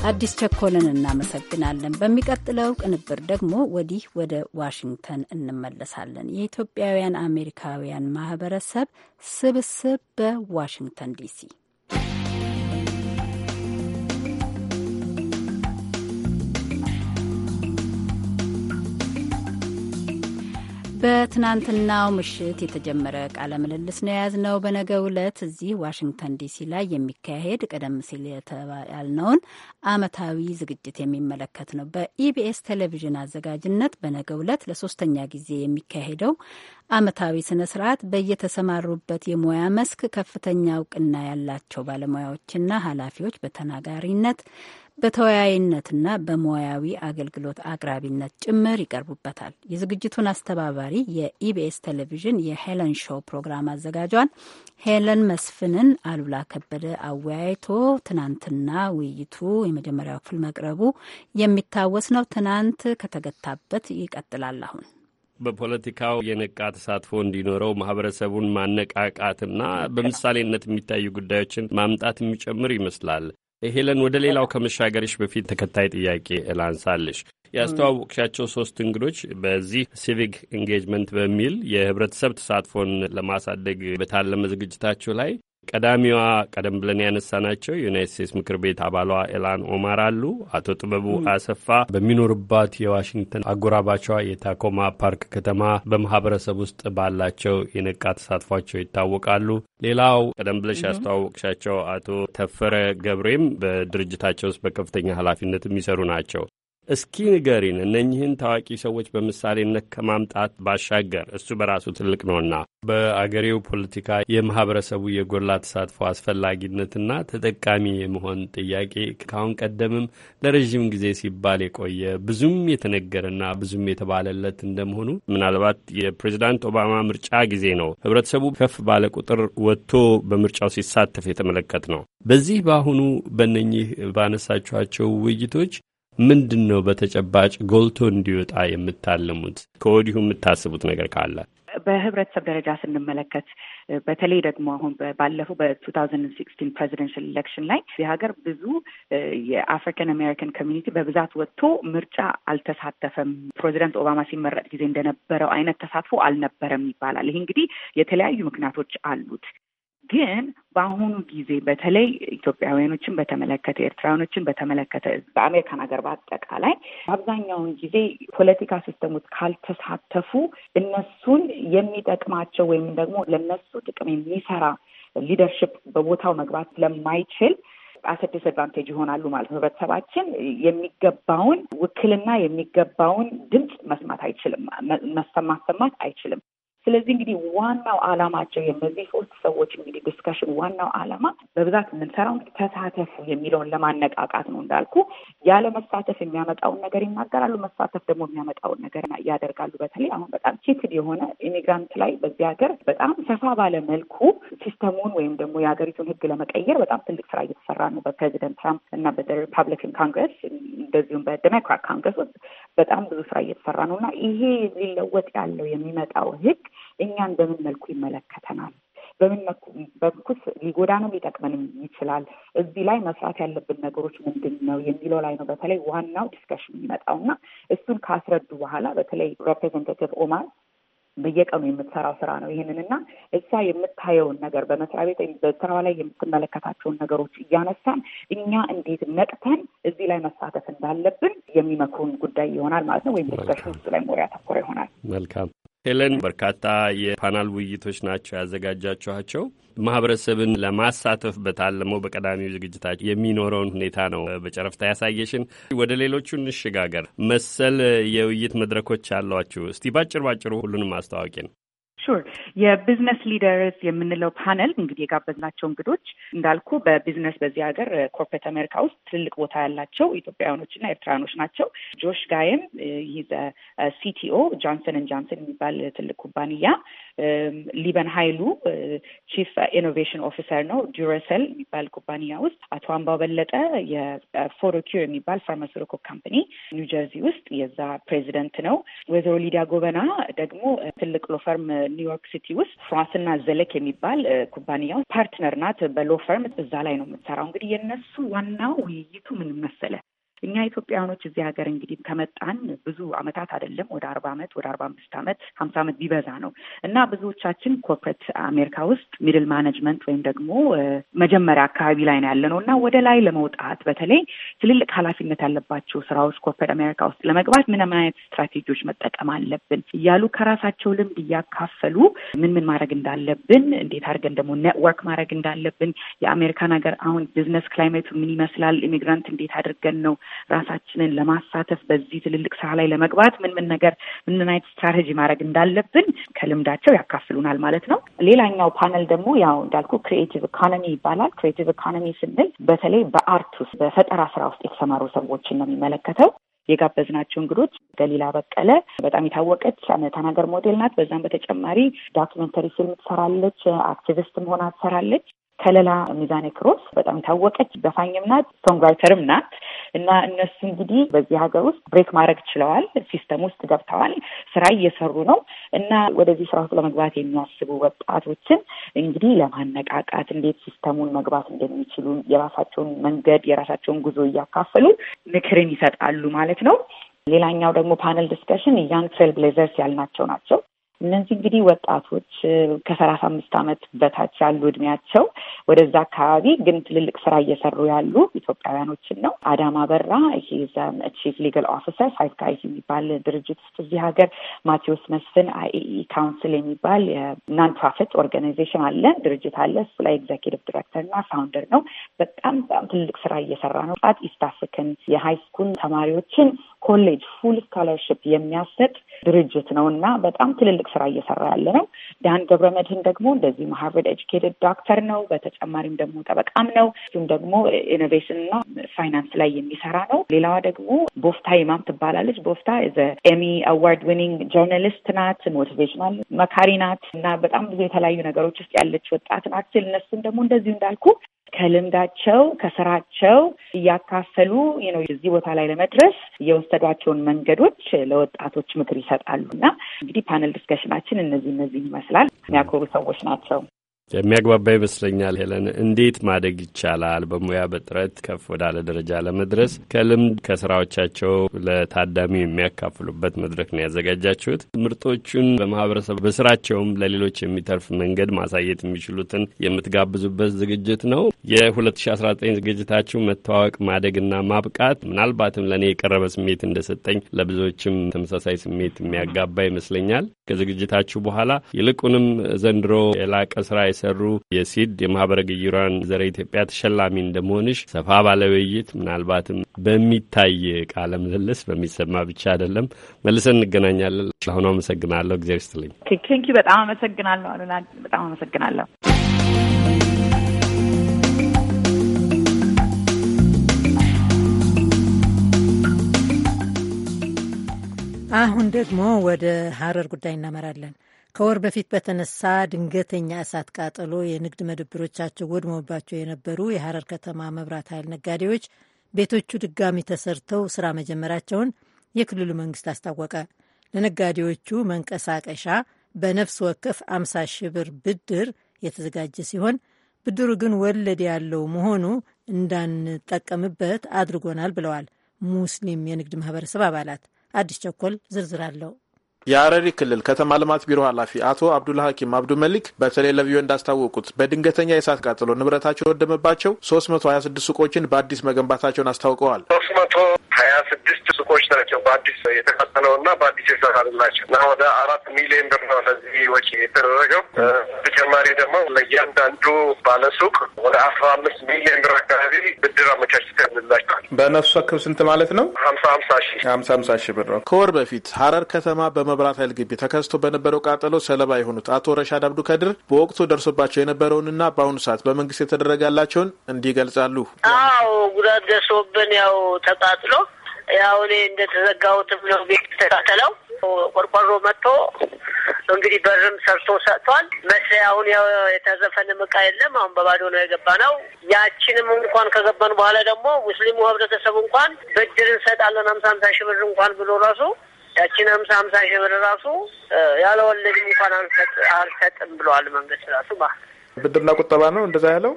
አዲስ ቸኮልን እናመሰግናለን። በሚቀጥለው ቅንብር ደግሞ ወዲህ ወደ ዋሽንግተን እንመለሳለን። የኢትዮጵያውያን አሜሪካውያን ማህበረሰብ ስብስብ በዋሽንግተን ዲሲ በትናንትናው ምሽት የተጀመረ ቃለ ምልልስ ነው የያዝነው። በነገ ዕለት እዚህ ዋሽንግተን ዲሲ ላይ የሚካሄድ ቀደም ሲል የተባልነውን አመታዊ ዝግጅት የሚመለከት ነው። በኢቢኤስ ቴሌቪዥን አዘጋጅነት በነገ ዕለት ለሶስተኛ ጊዜ የሚካሄደው አመታዊ ስነ ስርዓት በየተሰማሩበት የሙያ መስክ ከፍተኛ እውቅና ያላቸው ባለሙያዎችና ኃላፊዎች በተናጋሪነት በተወያይነትና በሙያዊ አገልግሎት አቅራቢነት ጭምር ይቀርቡበታል። የዝግጅቱን አስተባባሪ የኢቢኤስ ቴሌቪዥን የሄለን ሾው ፕሮግራም አዘጋጇን ሄለን መስፍንን አሉላ ከበደ አወያይቶ ትናንትና ውይይቱ የመጀመሪያው ክፍል መቅረቡ የሚታወስ ነው። ትናንት ከተገታበት ይቀጥላል አሁን በፖለቲካው የነቃ ተሳትፎ እንዲኖረው ማህበረሰቡን ማነቃቃትና በምሳሌነት የሚታዩ ጉዳዮችን ማምጣት የሚጨምር ይመስላል። ሄለን፣ ወደ ሌላው ከመሻገርሽ በፊት ተከታይ ጥያቄ ላንሳልሽ። ያስተዋወቅሻቸው ሶስት እንግዶች በዚህ ሲቪክ ኢንጌጅመንት በሚል የህብረተሰብ ተሳትፎን ለማሳደግ በታለመ ዝግጅታችሁ ላይ ቀዳሚዋ ቀደም ብለን ያነሳናቸው የዩናይት ስቴትስ ምክር ቤት አባሏ ኤላን ኦማር አሉ። አቶ ጥበቡ አሰፋ በሚኖርባት የዋሽንግተን አጎራባቿ የታኮማ ፓርክ ከተማ በማህበረሰብ ውስጥ ባላቸው የነቃ ተሳትፏቸው ይታወቃሉ። ሌላው ቀደም ብለሽ ያስተዋወቅሻቸው አቶ ተፈረ ገብሬም በድርጅታቸው ውስጥ በከፍተኛ ኃላፊነት የሚሰሩ ናቸው። እስኪ ንገሪን፣ እነኚህን ታዋቂ ሰዎች በምሳሌነት ከማምጣት ባሻገር እሱ በራሱ ትልቅ ነውና በአገሬው ፖለቲካ የማህበረሰቡ የጎላ ተሳትፎ አስፈላጊነትና ተጠቃሚ የመሆን ጥያቄ ከአሁን ቀደምም ለረዥም ጊዜ ሲባል የቆየ ብዙም የተነገረና ብዙም የተባለለት እንደመሆኑ ምናልባት የፕሬዚዳንት ኦባማ ምርጫ ጊዜ ነው ህብረተሰቡ ከፍ ባለ ቁጥር ወጥቶ በምርጫው ሲሳተፍ የተመለከት ነው። በዚህ በአሁኑ በነኚህ ባነሳችኋቸው ውይይቶች ምንድን ነው በተጨባጭ ጎልቶ እንዲወጣ የምታልሙት? ከወዲሁ የምታስቡት ነገር ካለ በህብረተሰብ ደረጃ ስንመለከት በተለይ ደግሞ አሁን ባለፈው በቱ ታውዘንድ ኤሌክሽን ኢሌክሽን ላይ የሀገር ብዙ የአፍሪካን አሜሪካን ኮሚኒቲ በብዛት ወጥቶ ምርጫ አልተሳተፈም። ፕሬዚደንት ኦባማ ሲመረጥ ጊዜ እንደነበረው አይነት ተሳትፎ አልነበረም ይባላል። ይህ እንግዲህ የተለያዩ ምክንያቶች አሉት። ግን በአሁኑ ጊዜ በተለይ ኢትዮጵያውያኖችን በተመለከተ ኤርትራውያኖችን በተመለከተ በአሜሪካን ሀገር በአጠቃላይ አብዛኛውን ጊዜ ፖለቲካ ሲስተሞች ካልተሳተፉ እነሱን የሚጠቅማቸው ወይም ደግሞ ለነሱ ጥቅም የሚሰራ ሊደርሽፕ በቦታው መግባት ስለማይችል አሰ አድቫንቴጅ ይሆናሉ ማለት ነው። ህብረተሰባችን የሚገባውን ውክልና የሚገባውን ድምፅ መስማት አይችልም መሰማት አይችልም። ስለዚህ እንግዲህ ዋናው ዓላማቸው የነዚህ ሶስት ሰዎች እንግዲህ ዲስከሽን ዋናው አላማ በብዛት የምንሰራው ተሳተፉ የሚለውን ለማነቃቃት ነው። እንዳልኩ ያለ መሳተፍ የሚያመጣውን ነገር ይናገራሉ። መሳተፍ ደግሞ የሚያመጣውን ነገር ያደርጋሉ። በተለይ አሁን በጣም ቺትድ የሆነ ኢሚግራንት ላይ በዚህ ሀገር በጣም ሰፋ ባለ መልኩ ሲስተሙን ወይም ደግሞ የሀገሪቱን ህግ ለመቀየር በጣም ትልቅ ስራ እየተሰራ ነው በፕሬዚደንት ትራምፕ እና በሪፐብሊካን ካንግረስ እንደዚሁም በዴሞክራት ኮንግረስ በጣም ብዙ ስራ እየተሰራ ነው እና ይሄ ሊለወጥ ያለው የሚመጣው ህግ። እኛን በምን መልኩ ይመለከተናል? በምን በኩስ ሊጎዳንም ሊጠቅመንም ይችላል? እዚህ ላይ መስራት ያለብን ነገሮች ምንድን ነው የሚለው ላይ ነው በተለይ ዋናው ዲስከሽን የሚመጣው እና እሱን ካስረዱ በኋላ በተለይ ሬፕሬዘንታቲቭ ኦማር በየቀኑ የምትሰራው ስራ ነው። ይህንን እና እሷ የምታየውን ነገር በመስሪያ ቤት በስራ ላይ የምትመለከታቸውን ነገሮች እያነሳን እኛ እንዴት ነቅተን እዚህ ላይ መሳተፍ እንዳለብን የሚመክሩን ጉዳይ ይሆናል ማለት ነው። ወይም ዲስከሽን ላይ ሞሪያ ተኮረ ይሆናል። መልካም ሄለን፣ በርካታ የፓናል ውይይቶች ናቸው ያዘጋጃችኋቸው። ማህበረሰብን ለማሳተፍ በታለመው በቀዳሚው ዝግጅታችን የሚኖረውን ሁኔታ ነው በጨረፍታ ያሳየሽን። ወደ ሌሎቹ እንሸጋገር። መሰል የውይይት መድረኮች አሏችሁ? እስቲ ባጭር ባጭሩ ሁሉንም ነው። ሹር የቢዝነስ ሊደርስ የምንለው ፓነል እንግዲህ የጋበዝናቸው እንግዶች እንዳልኩ በቢዝነስ በዚህ ሀገር ኮርፖሬት አሜሪካ ውስጥ ትልቅ ቦታ ያላቸው እና ኤርትራኖች ናቸው። ጆሽ ጋይም ይዘ ሲቲኦ ጃንሰን ን ጃንሰን የሚባል ትልቅ ኩባንያ፣ ሊበን ሀይሉ ቺፍ ኢኖቬሽን ኦፊሰር ነው ዱረሰል የሚባል ኩባንያ ውስጥ፣ አቶ አምባው በለጠ የፎሮኪር የሚባል ፋርማሲሮኮ ካምፓኒ ኒው ውስጥ የዛ ፕሬዚደንት ነው። ወይዘሮ ሊዲያ ጎበና ደግሞ ትልቅ ሎፈርም ኒውዮርክ ሲቲ ውስጥ ፍራንስና ዘለክ የሚባል ኩባንያ ፓርትነር ናት በሎ ፈርም እዛ ላይ ነው የምትሰራው። እንግዲህ የነሱ ዋናው ውይይቱ ምን መሰለ እኛ ኢትዮጵያውያኖች እዚህ ሀገር እንግዲህ ከመጣን ብዙ አመታት አይደለም ወደ አርባ አመት ወደ አርባ አምስት አመት ሀምሳ አመት ቢበዛ ነው እና ብዙዎቻችን ኮርፖሬት አሜሪካ ውስጥ ሚድል ማኔጅመንት ወይም ደግሞ መጀመሪያ አካባቢ ላይ ነው ያለ ነው እና ወደ ላይ ለመውጣት በተለይ ትልልቅ ኃላፊነት ያለባቸው ስራዎች ኮርፖሬት አሜሪካ ውስጥ ለመግባት ምን አይነት ስትራቴጂዎች መጠቀም አለብን እያሉ ከራሳቸው ልምድ እያካፈሉ ምን ምን ማድረግ እንዳለብን እንዴት አድርገን ደግሞ ኔትወርክ ማድረግ እንዳለብን የአሜሪካን ሀገር አሁን ቢዝነስ ክላይሜቱ ምን ይመስላል ኢሚግራንት እንዴት አድርገን ነው ራሳችንን ለማሳተፍ በዚህ ትልልቅ ስራ ላይ ለመግባት ምን ምን ነገር ምን አይነት ስትራቴጂ ማድረግ እንዳለብን ከልምዳቸው ያካፍሉናል ማለት ነው። ሌላኛው ፓነል ደግሞ ያው እንዳልኩ ክሪኤቲቭ ኢኮኖሚ ይባላል። ክሪኤቲቭ ኢኮኖሚ ስንል በተለይ በአርት ውስጥ በፈጠራ ስራ ውስጥ የተሰማሩ ሰዎችን ነው የሚመለከተው። የጋበዝናቸው እንግዶች ገሊላ በቀለ በጣም የታወቀች ተናገር ሞዴል ናት። በዛም በተጨማሪ ዳኪመንተሪ ፊልም ትሰራለች፣ አክቲቪስት መሆና ትሰራለች። ከለላ ሚዛኔ ክሮስ በጣም ታወቀች ዘፋኝም ናት፣ ሶንግራይተርም ናት እና እነሱ እንግዲህ በዚህ ሀገር ውስጥ ብሬክ ማድረግ ችለዋል። ሲስተም ውስጥ ገብተዋል። ስራ እየሰሩ ነው እና ወደዚህ ስራ ውስጥ ለመግባት የሚያስቡ ወጣቶችን እንግዲህ ለማነቃቃት እንዴት ሲስተሙን መግባት እንደሚችሉ የራሳቸውን መንገድ የራሳቸውን ጉዞ እያካፈሉ ምክርን ይሰጣሉ ማለት ነው። ሌላኛው ደግሞ ፓነል ዲስከሽን ያንግ ትሬል ብሌዘርስ ያልናቸው ናቸው። እነዚህ እንግዲህ ወጣቶች ከሰላሳ አምስት ዓመት በታች ያሉ እድሜያቸው ወደዛ አካባቢ ግን ትልልቅ ስራ እየሰሩ ያሉ ኢትዮጵያውያኖችን ነው። አዳማ በራ ቺፍ ሊጋል ኦፊሰር ሳይትካይስ የሚባል ድርጅት ውስጥ እዚህ ሀገር፣ ማቴዎስ መስፍን አይኤኢ ካውንስል የሚባል የናን ፕሮፊት ኦርጋናይዜሽን አለ ድርጅት አለ። እሱ ላይ ኤግዜኪቲቭ ዲሬክተር እና ፋውንደር ነው። በጣም በጣም ትልልቅ ስራ እየሰራ ነው። ጣት ኢስት አፍሪካን የሀይ ስኩል ተማሪዎችን ኮሌጅ ፉል ስኮላርሽፕ የሚያሰጥ ድርጅት ነው እና በጣም ትልልቅ ስራ እየሰራ ያለ ነው። ዳን ገብረመድህን ደግሞ እንደዚህ ሃርቨርድ ኤጁኬትድ ዶክተር ነው። በተጨማሪም ደግሞ ጠበቃም ነው። እሱም ደግሞ ኢኖቬሽን እና ፋይናንስ ላይ የሚሰራ ነው። ሌላዋ ደግሞ ቦፍታ ይማም ትባላለች። ቦፍታ ኤሚ አዋርድ ዊኒንግ ጆርናሊስት ናት። ሞቲቬሽናል መካሪ ናት እና በጣም ብዙ የተለያዩ ነገሮች ውስጥ ያለች ወጣት ናት ስል እነሱም ደግሞ እንደዚሁ እንዳልኩ ከልምዳቸው ከስራቸው እያካፈሉ ነው እዚህ ቦታ ላይ ለመድረስ የወሰዷቸውን መንገዶች ለወጣቶች ምክር ይሰጣሉ እና እንግዲህ ፓነል ዲስከሽናችን እነዚህ እነዚህ ይመስላል። የሚያኮሩ ሰዎች ናቸው። የሚያግባባ ይመስለኛል። ሄለን፣ እንዴት ማደግ ይቻላል? በሙያ በጥረት ከፍ ወዳለ ደረጃ ለመድረስ ከልምድ ከስራዎቻቸው ለታዳሚው የሚያካፍሉበት መድረክ ነው ያዘጋጃችሁት። ምርጦቹን በማህበረሰብ በስራቸውም ለሌሎች የሚተርፍ መንገድ ማሳየት የሚችሉትን የምትጋብዙበት ዝግጅት ነው። የ2019 ዝግጅታችሁ መተዋወቅ፣ ማደግና ማብቃት ምናልባትም ለእኔ የቀረበ ስሜት እንደሰጠኝ ለብዙዎችም ተመሳሳይ ስሜት የሚያጋባ ይመስለኛል። ከዝግጅታችሁ በኋላ ይልቁንም ዘንድሮ የላቀ ስራ የሰሩ የሲድ የማህበረ ግይሯን ዘረ ኢትዮጵያ ተሸላሚ እንደመሆንሽ ሰፋ ባለ ውይይት ምናልባትም በሚታይ ቃለ ምልልስ በሚሰማ ብቻ አይደለም መልሰን እንገናኛለን። ለአሁኑ አመሰግናለሁ። እግዚአብሔር ይስጥልኝ። ቴንኪዩ። በጣም አመሰግናለሁ አሉና፣ በጣም አመሰግናለሁ። አሁን ደግሞ ወደ ሀረር ጉዳይ እናመራለን። ከወር በፊት በተነሳ ድንገተኛ እሳት ቃጠሎ የንግድ መደብሮቻቸው ወድሞባቸው የነበሩ የሀረር ከተማ መብራት ኃይል ነጋዴዎች ቤቶቹ ድጋሚ ተሰርተው ስራ መጀመራቸውን የክልሉ መንግስት አስታወቀ። ለነጋዴዎቹ መንቀሳቀሻ በነፍስ ወከፍ 50 ሺህ ብር ብድር የተዘጋጀ ሲሆን ብድሩ ግን ወለድ ያለው መሆኑ እንዳንጠቀምበት አድርጎናል ብለዋል ሙስሊም የንግድ ማህበረሰብ አባላት። አዲስ ቸኮል ዝርዝር አለው። የአረሪ ክልል ከተማ ልማት ቢሮ ኃላፊ አቶ አብዱል ሀኪም አብዱ መሊክ በተለይ ለቪዮ እንዳስታወቁት በድንገተኛ የእሳት ቃጠሎ ንብረታቸው የወደመባቸው ሶስት መቶ ሀያ ስድስት ሱቆችን በአዲስ መገንባታቸውን አስታውቀዋል። ሶስት መቶ ሀያ ስድስት ሱቆች ናቸው በአዲስ የተቃጠለው እና በአዲስ ናቸው እና ወደ አራት ሚሊዮን ብር ነው ለዚህ ወጪ የተደረገው። ተጨማሪ ደግሞ ለእያንዳንዱ ባለሱቅ ወደ አስራ አምስት ሚሊዮን ብር አካባቢ ብድር አመቻችተንላቸዋል። በነፍሱ ወከፍ ስንት ማለት ነው? ሀምሳ ሀምሳ ሺ ሀምሳ ሀምሳ ሺ ብር ነው። ከወር በፊት ሀረር ከተማ በመብራት ኃይል ግቢ ተከስቶ በነበረው ቃጠሎ ሰለባ የሆኑት አቶ ረሻድ አብዱ ከድር በወቅቱ ደርሶባቸው የነበረውንና በአሁኑ ሰዓት በመንግስት የተደረጋላቸውን እንዲህ ይገልጻሉ። አዎ ጉዳት ደርሶብን ያው ተቃጥሎ ያው እኔ እንደተዘጋሁትም ነው ቤት ተካተለው ቆርቆሮ መጥቶ እንግዲህ በርም ሰርቶ ሰጥቷል። መስሪያ አሁን ያው የተዘፈነ እቃ የለም። አሁን በባዶ ነው የገባ ነው። ያችንም እንኳን ከገባን በኋላ ደግሞ ሙስሊሙ ህብረተሰብ እንኳን ብድር እንሰጣለን ሀምሳ ሀምሳ ሺህ ብር እንኳን ብሎ ራሱ ያችን ሀምሳ ሀምሳ ሺህ ብር ራሱ ያለ ወለድም እንኳን አንሰጥ አልሰጥም ብለዋል መንግስት ራሱ ብድርና ቁጠባ ነው እንደዛ ያለው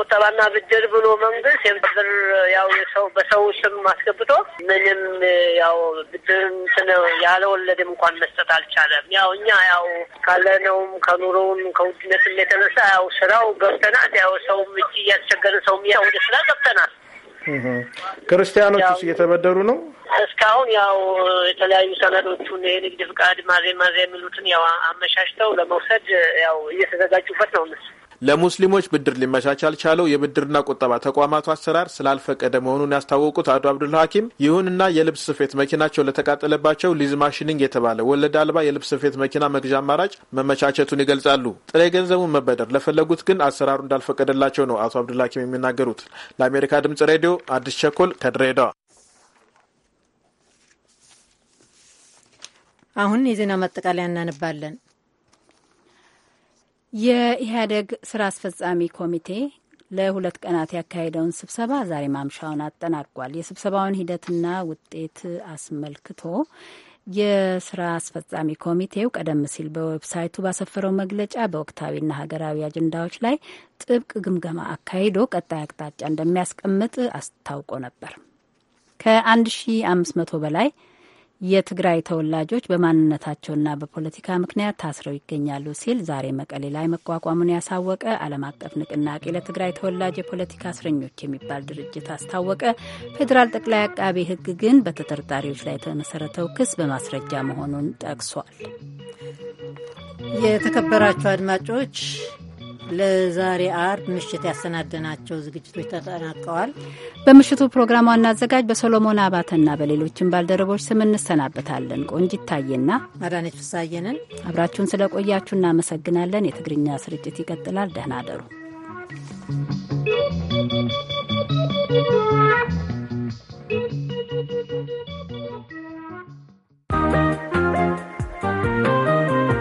ቁጠባና ብድር ብሎ መንግስት የብድር ያው የሰው በሰው ስም አስገብቶ ምንም ያው ብድርም ያለ ወለድም እንኳን መስጠት አልቻለም። ያው እኛ ያው ካለነውም ከኑሮውም ከውድነትም የተነሳ ያው ስራው ገብተናል። ያው ሰውም እጅ እያስቸገረ ሰውም ያው ወደ ስራ ገብተናል። ክርስቲያኖቹስ እየተበደሩ ነው። እስካሁን ያው የተለያዩ ሰነዶቹን የንግድ ፍቃድ ማዜ ማዜ የሚሉትን ያው አመሻሽተው ለመውሰድ ያው እየተዘጋጁበት ነው እነሱ ለሙስሊሞች ብድር ሊመቻች ያልቻለው የብድርና ቁጠባ ተቋማቱ አሰራር ስላልፈቀደ መሆኑን ያስታወቁት አቶ አብዱል ሀኪም ይሁንና የልብስ ስፌት መኪናቸው ለተቃጠለባቸው ሊዝ ማሽኒንግ የተባለ ወለድ አልባ የልብስ ስፌት መኪና መግዣ አማራጭ መመቻቸቱን ይገልጻሉ። ጥሬ ገንዘቡን መበደር ለፈለጉት ግን አሰራሩ እንዳልፈቀደላቸው ነው አቶ አብዱል ሀኪም የሚናገሩት። ለአሜሪካ ድምጽ ሬዲዮ አዲስ ቸኮል ከድሬዳዋ። አሁን የዜና ማጠቃለያ እናነባለን። የኢህአዴግ ስራ አስፈጻሚ ኮሚቴ ለሁለት ቀናት ያካሄደውን ስብሰባ ዛሬ ማምሻውን አጠናቋል። የስብሰባውን ሂደትና ውጤት አስመልክቶ የስራ አስፈጻሚ ኮሚቴው ቀደም ሲል በዌብሳይቱ ባሰፈረው መግለጫ በወቅታዊና ሀገራዊ አጀንዳዎች ላይ ጥብቅ ግምገማ አካሂዶ ቀጣይ አቅጣጫ እንደሚያስቀምጥ አስታውቆ ነበር። ከ1500 በላይ የትግራይ ተወላጆች በማንነታቸውና በፖለቲካ ምክንያት ታስረው ይገኛሉ ሲል ዛሬ መቀሌ ላይ መቋቋሙን ያሳወቀ ዓለም አቀፍ ንቅናቄ ለትግራይ ተወላጅ የፖለቲካ እስረኞች የሚባል ድርጅት አስታወቀ። ፌዴራል ጠቅላይ አቃቤ ሕግ ግን በተጠርጣሪዎች ላይ የተመሰረተው ክስ በማስረጃ መሆኑን ጠቅሷል። የተከበራቸው አድማጮች ለዛሬ አርብ ምሽት ያሰናደናቸው ዝግጅቶች ተጠናቀዋል። በምሽቱ ፕሮግራም ዋና አዘጋጅ በሶሎሞን አባተና በሌሎችም ባልደረቦች ስም እንሰናበታለን። ቆንጅ ይታየና አዳነች ፍሳየንን አብራችሁን ስለቆያችሁ እናመሰግናለን። የትግርኛ ስርጭት ይቀጥላል። ደህና አደሩ።